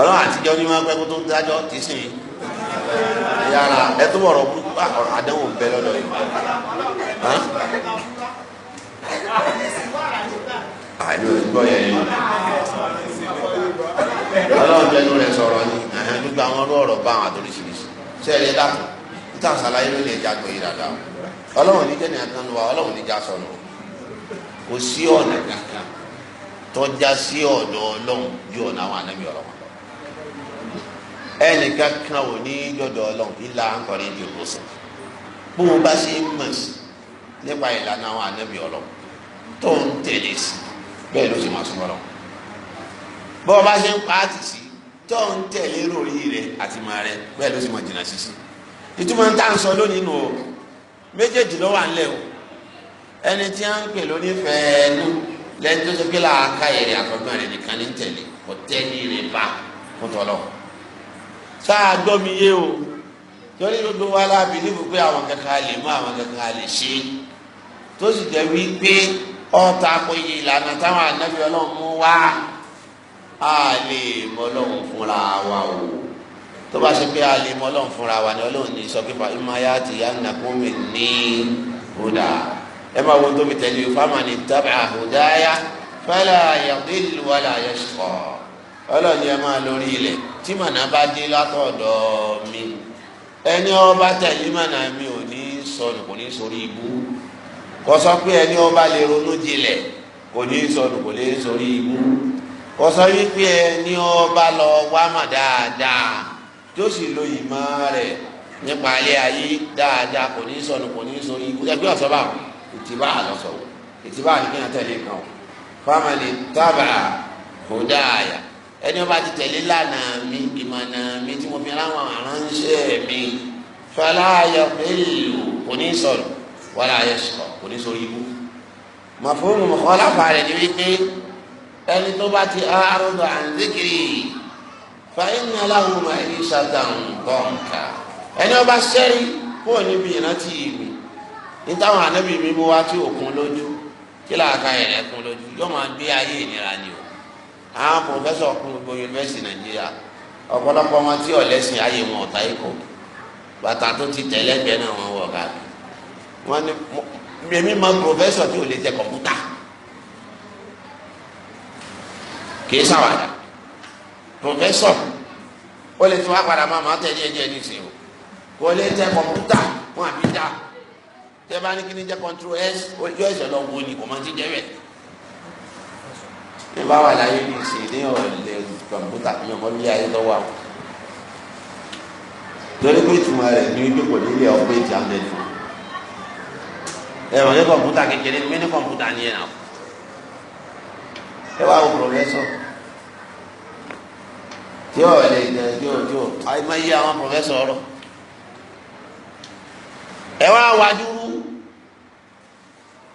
ọlọ́run àtijọ́ ni máa ń pẹ́ kó tó dájọ́ ti sìn yín yàrá ẹ tó bọ̀rọ̀ burúkú àdánwò bẹ lọ́dọ̀ yìí àìní o gbọ́ yẹn yìí ọlọ́run bẹnu rẹ̀ sọ̀rọ̀ ni gbogbo àwọn ọlọ́ ọ̀rọ̀ bá àwọn àtòrísìírísì sẹ́ẹ̀rì ẹ̀dá kan níta àṣàlàyé ló lè jágbó yìí dáadáa ọlọ́run níjẹ́ ní àtàlùwà ọlọ́run níjà sọ̀rọ̀ kò sí ọ̀nà kankan tọ́já sí ọ̀dọ̀ ọlọ́run ju ọ̀nà àwọn ànábì ọ̀rọ̀ wọn lọ. ẹnìkan kan ò ní yọ̀dọ̀ ọlọ́run ìlà ńkọrin ju lọ́sẹ̀. bó o bá ṣe ń mọ̀ sí nípa ìlànà àwọn ànábì ọlọ́run tó ń tẹ̀lé sí bẹ́ẹ̀ ló ṣe máa súnmọ́ lọ. bó o bá ṣe ń pa á ti sí tó ń tẹ̀lé lórí rẹ̀ àti máa rẹ̀ bẹ́ẹ̀ ló ṣe máa jìnnà sí sí. ìtumọ̀ ń ń sọ lónìí nù o méjèèjì ló wà ńlẹ̀ o ẹni tí wọ́n ń pè lónífẹ̀ẹ́ nù lẹ́yìn tó ṣe pé làákà èrè àtọ́gbọ́n rẹ̀ nìkan ní tẹ̀lé kò tẹ́lẹ̀ rẹ̀ bá kó tọ́lọ̀ sáà gbọ́ mi yé o torí gbogbo wa láàbì níbo pé àwọn kankan lè mú àwọn kankan lè ṣe tó sì jẹ́ wí pé ọ̀tá kò yí ìlànà táwọn ànábì ọlọ́run mú wá a lè mọ ọlọ́run fúnra wa o tó bá ṣe pé a lè mọ ọlọ́run fúnra wa ni ọlọ́run ní sọ pé ìmọ̀ ayá ti yá nàkúnmí ní kódà ẹ máa wo tóbi tẹ̀lé o fáwọn ni tábà àhùdáyà fẹlẹ àyàdìlú wàlẹ àyẹsùkọ ọlọ́ọ̀ni ẹ máa lórí ilẹ̀ tí màná bá dé látọ̀dọ̀ mi ẹni ọba tẹ̀lé màná mi ò ní sọnù kò ní sórí ibú kò sọ pé ẹni ọba lè ronú jinlẹ̀ kò ní sọnù kò ní sórí ibú kò sọ wípé ẹni ọba lọ wá mà dáadáa tí ó sì lo ìmọ̀ rẹ̀ nípa alẹ́ ayé dáadáa kò ní sọnù kò ní sórí ibú ẹgbẹ́ ọ̀sọ́ báwọn ìtìbá àlọ́sọ̀wọ̀ ìtìbá àdìgbìyàn tẹ̀lé kan o fámàlì tábà kódà àyà ẹni ọba ti tẹ̀lé lànà mi ìmọ̀nà mi tí mo fi ráwọn aránṣẹ́ mi fàlàyé pẹ̀lú kò ní sọ̀rọ̀ wàlà ayé sọ̀rọ̀ kò ní sọ̀rọ̀ ibú. màfóònù mọ̀kànlá fàlẹ̀ ni wípé ẹni tó bá ti àrùndọ̀ àǹdíkiri fàyínà láwùmọ̀ ẹni ṣàtàn kọ̀ǹkà ẹni ọba sẹ́rí kó níbi ìrántí mi nítawọn anábì mi mú wá tí òkun lójú kí làákà yẹn lẹkùn lójú yóò máa gbé ayé ìnira ni o àwọn pòfẹ́sọ̀ kún gbogbo yunifásitì nàìjíríà ọ̀pọ̀lọpọ̀ wọn tí ọ̀lẹ́sìn ayé wọn ọ̀tá ikọ̀ bàtà tó ti tẹ̀lé gbẹ náà wọn wọ̀ káàkiri wọn ni mímí mọ pòfẹ́sọ̀ tí ò lè tẹ kọ̀mpútà kì í ṣàwàdà pòfẹ́sọ̀ ó lè tún wá padà máa máa tẹ̀ díẹ̀ díẹ̀ nísìnyí o kò lè tẹ kọ̀mpútà wọn àbí dáa tẹ bá ní kí ni jẹ́ control ẹ ojú ẹsẹ̀ lọ wo ni kò máa ti jẹ́ bẹ́ẹ̀. ní bá wà láyé ní ìsìn ní ọ̀lẹ́ kọ̀m̀pútà mi ò mọ bí ayé tó wà o. torí pé ìtumọ̀ rẹ̀ ní ojú kò nílé ọgbẹ́ ìtì àmẹ́lì fún ẹ wọ́n ní kọ̀m̀pútà kékeré mi ní kọ̀m̀pútà ni ẹ̀ nà. ẹ wá wo pòfẹ́sọ̀ tí ó lè jẹ tí ó tí ó àìmọye àwọn pòfẹ́sọ̀ ọ̀rọ̀ ẹ wá wájú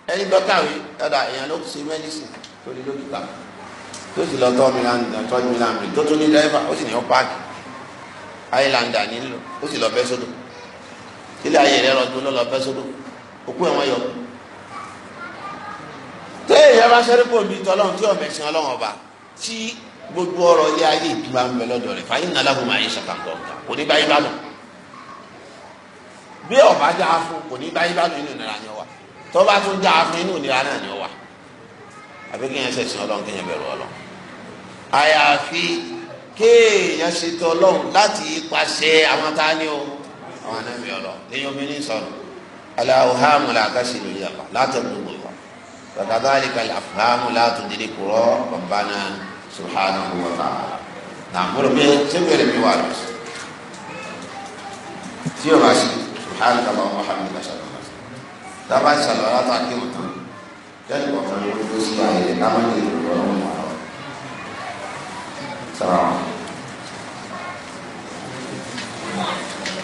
ẹni lọ kàwé dada èèyàn ló ṣe mẹ́dísìn tó di dókítà tó sì lọ tọ́ milan tọ́ milan mi tó tún ní dẹ́rẹ́fà ó sì ní ó páàkì ayélujá nílò ó sì lọ bẹ́ sódò ilé ayé rẹ rọdún ló lọ bẹ́ sódò òkú ẹ̀ wọ́n yọ. téèyàn bá sẹ́rí pò mí tọ́lọ́run tí ọ̀mẹ̀ sin ọlọ́run ọba tí gbogbo ọrọ̀ ilé ayé ìtura ń bẹ lọ́dọ̀ rẹ̀ fàyín nàlá fún màáyé ṣàkàǹkà kò ní báyìí bá lọ bí ọba dáa fún kò ní báyìí bá lọ nínú ìnira yẹn tó bá tún dáa fún inú ìnira náà ni ó wà àfi kéèyàn ṣẹ̀sìn ọlọ́run kéèyàn bẹ̀rù ọlọ́run àyàfi kéèyàn ṣètò ọlọ́run láti ipasẹ̀ àwọn tá a ní o àwọn anábì ọlọ́run lẹ́yìn omi ní sọ̀rọ̀ aláwòhámù làkàṣì lórí àpá látọ̀gbọ̀gbọ̀ wa kàkàdálíkà àfúhámù látòdìrí kúrọ́ bàbáná subhanahu wa ta'ala nà múlò pé sẹ́gbẹ̀rẹ̀ mi wà lọ́sọ̀ tí o bá ṣe subhanahu wa ta'ala dábàá ìṣàlọ aláta kí o tán jáde wà fún mi ló sí àyè rẹ náà má jẹ ìrọ̀lẹ́ ọ̀hún wà lọ.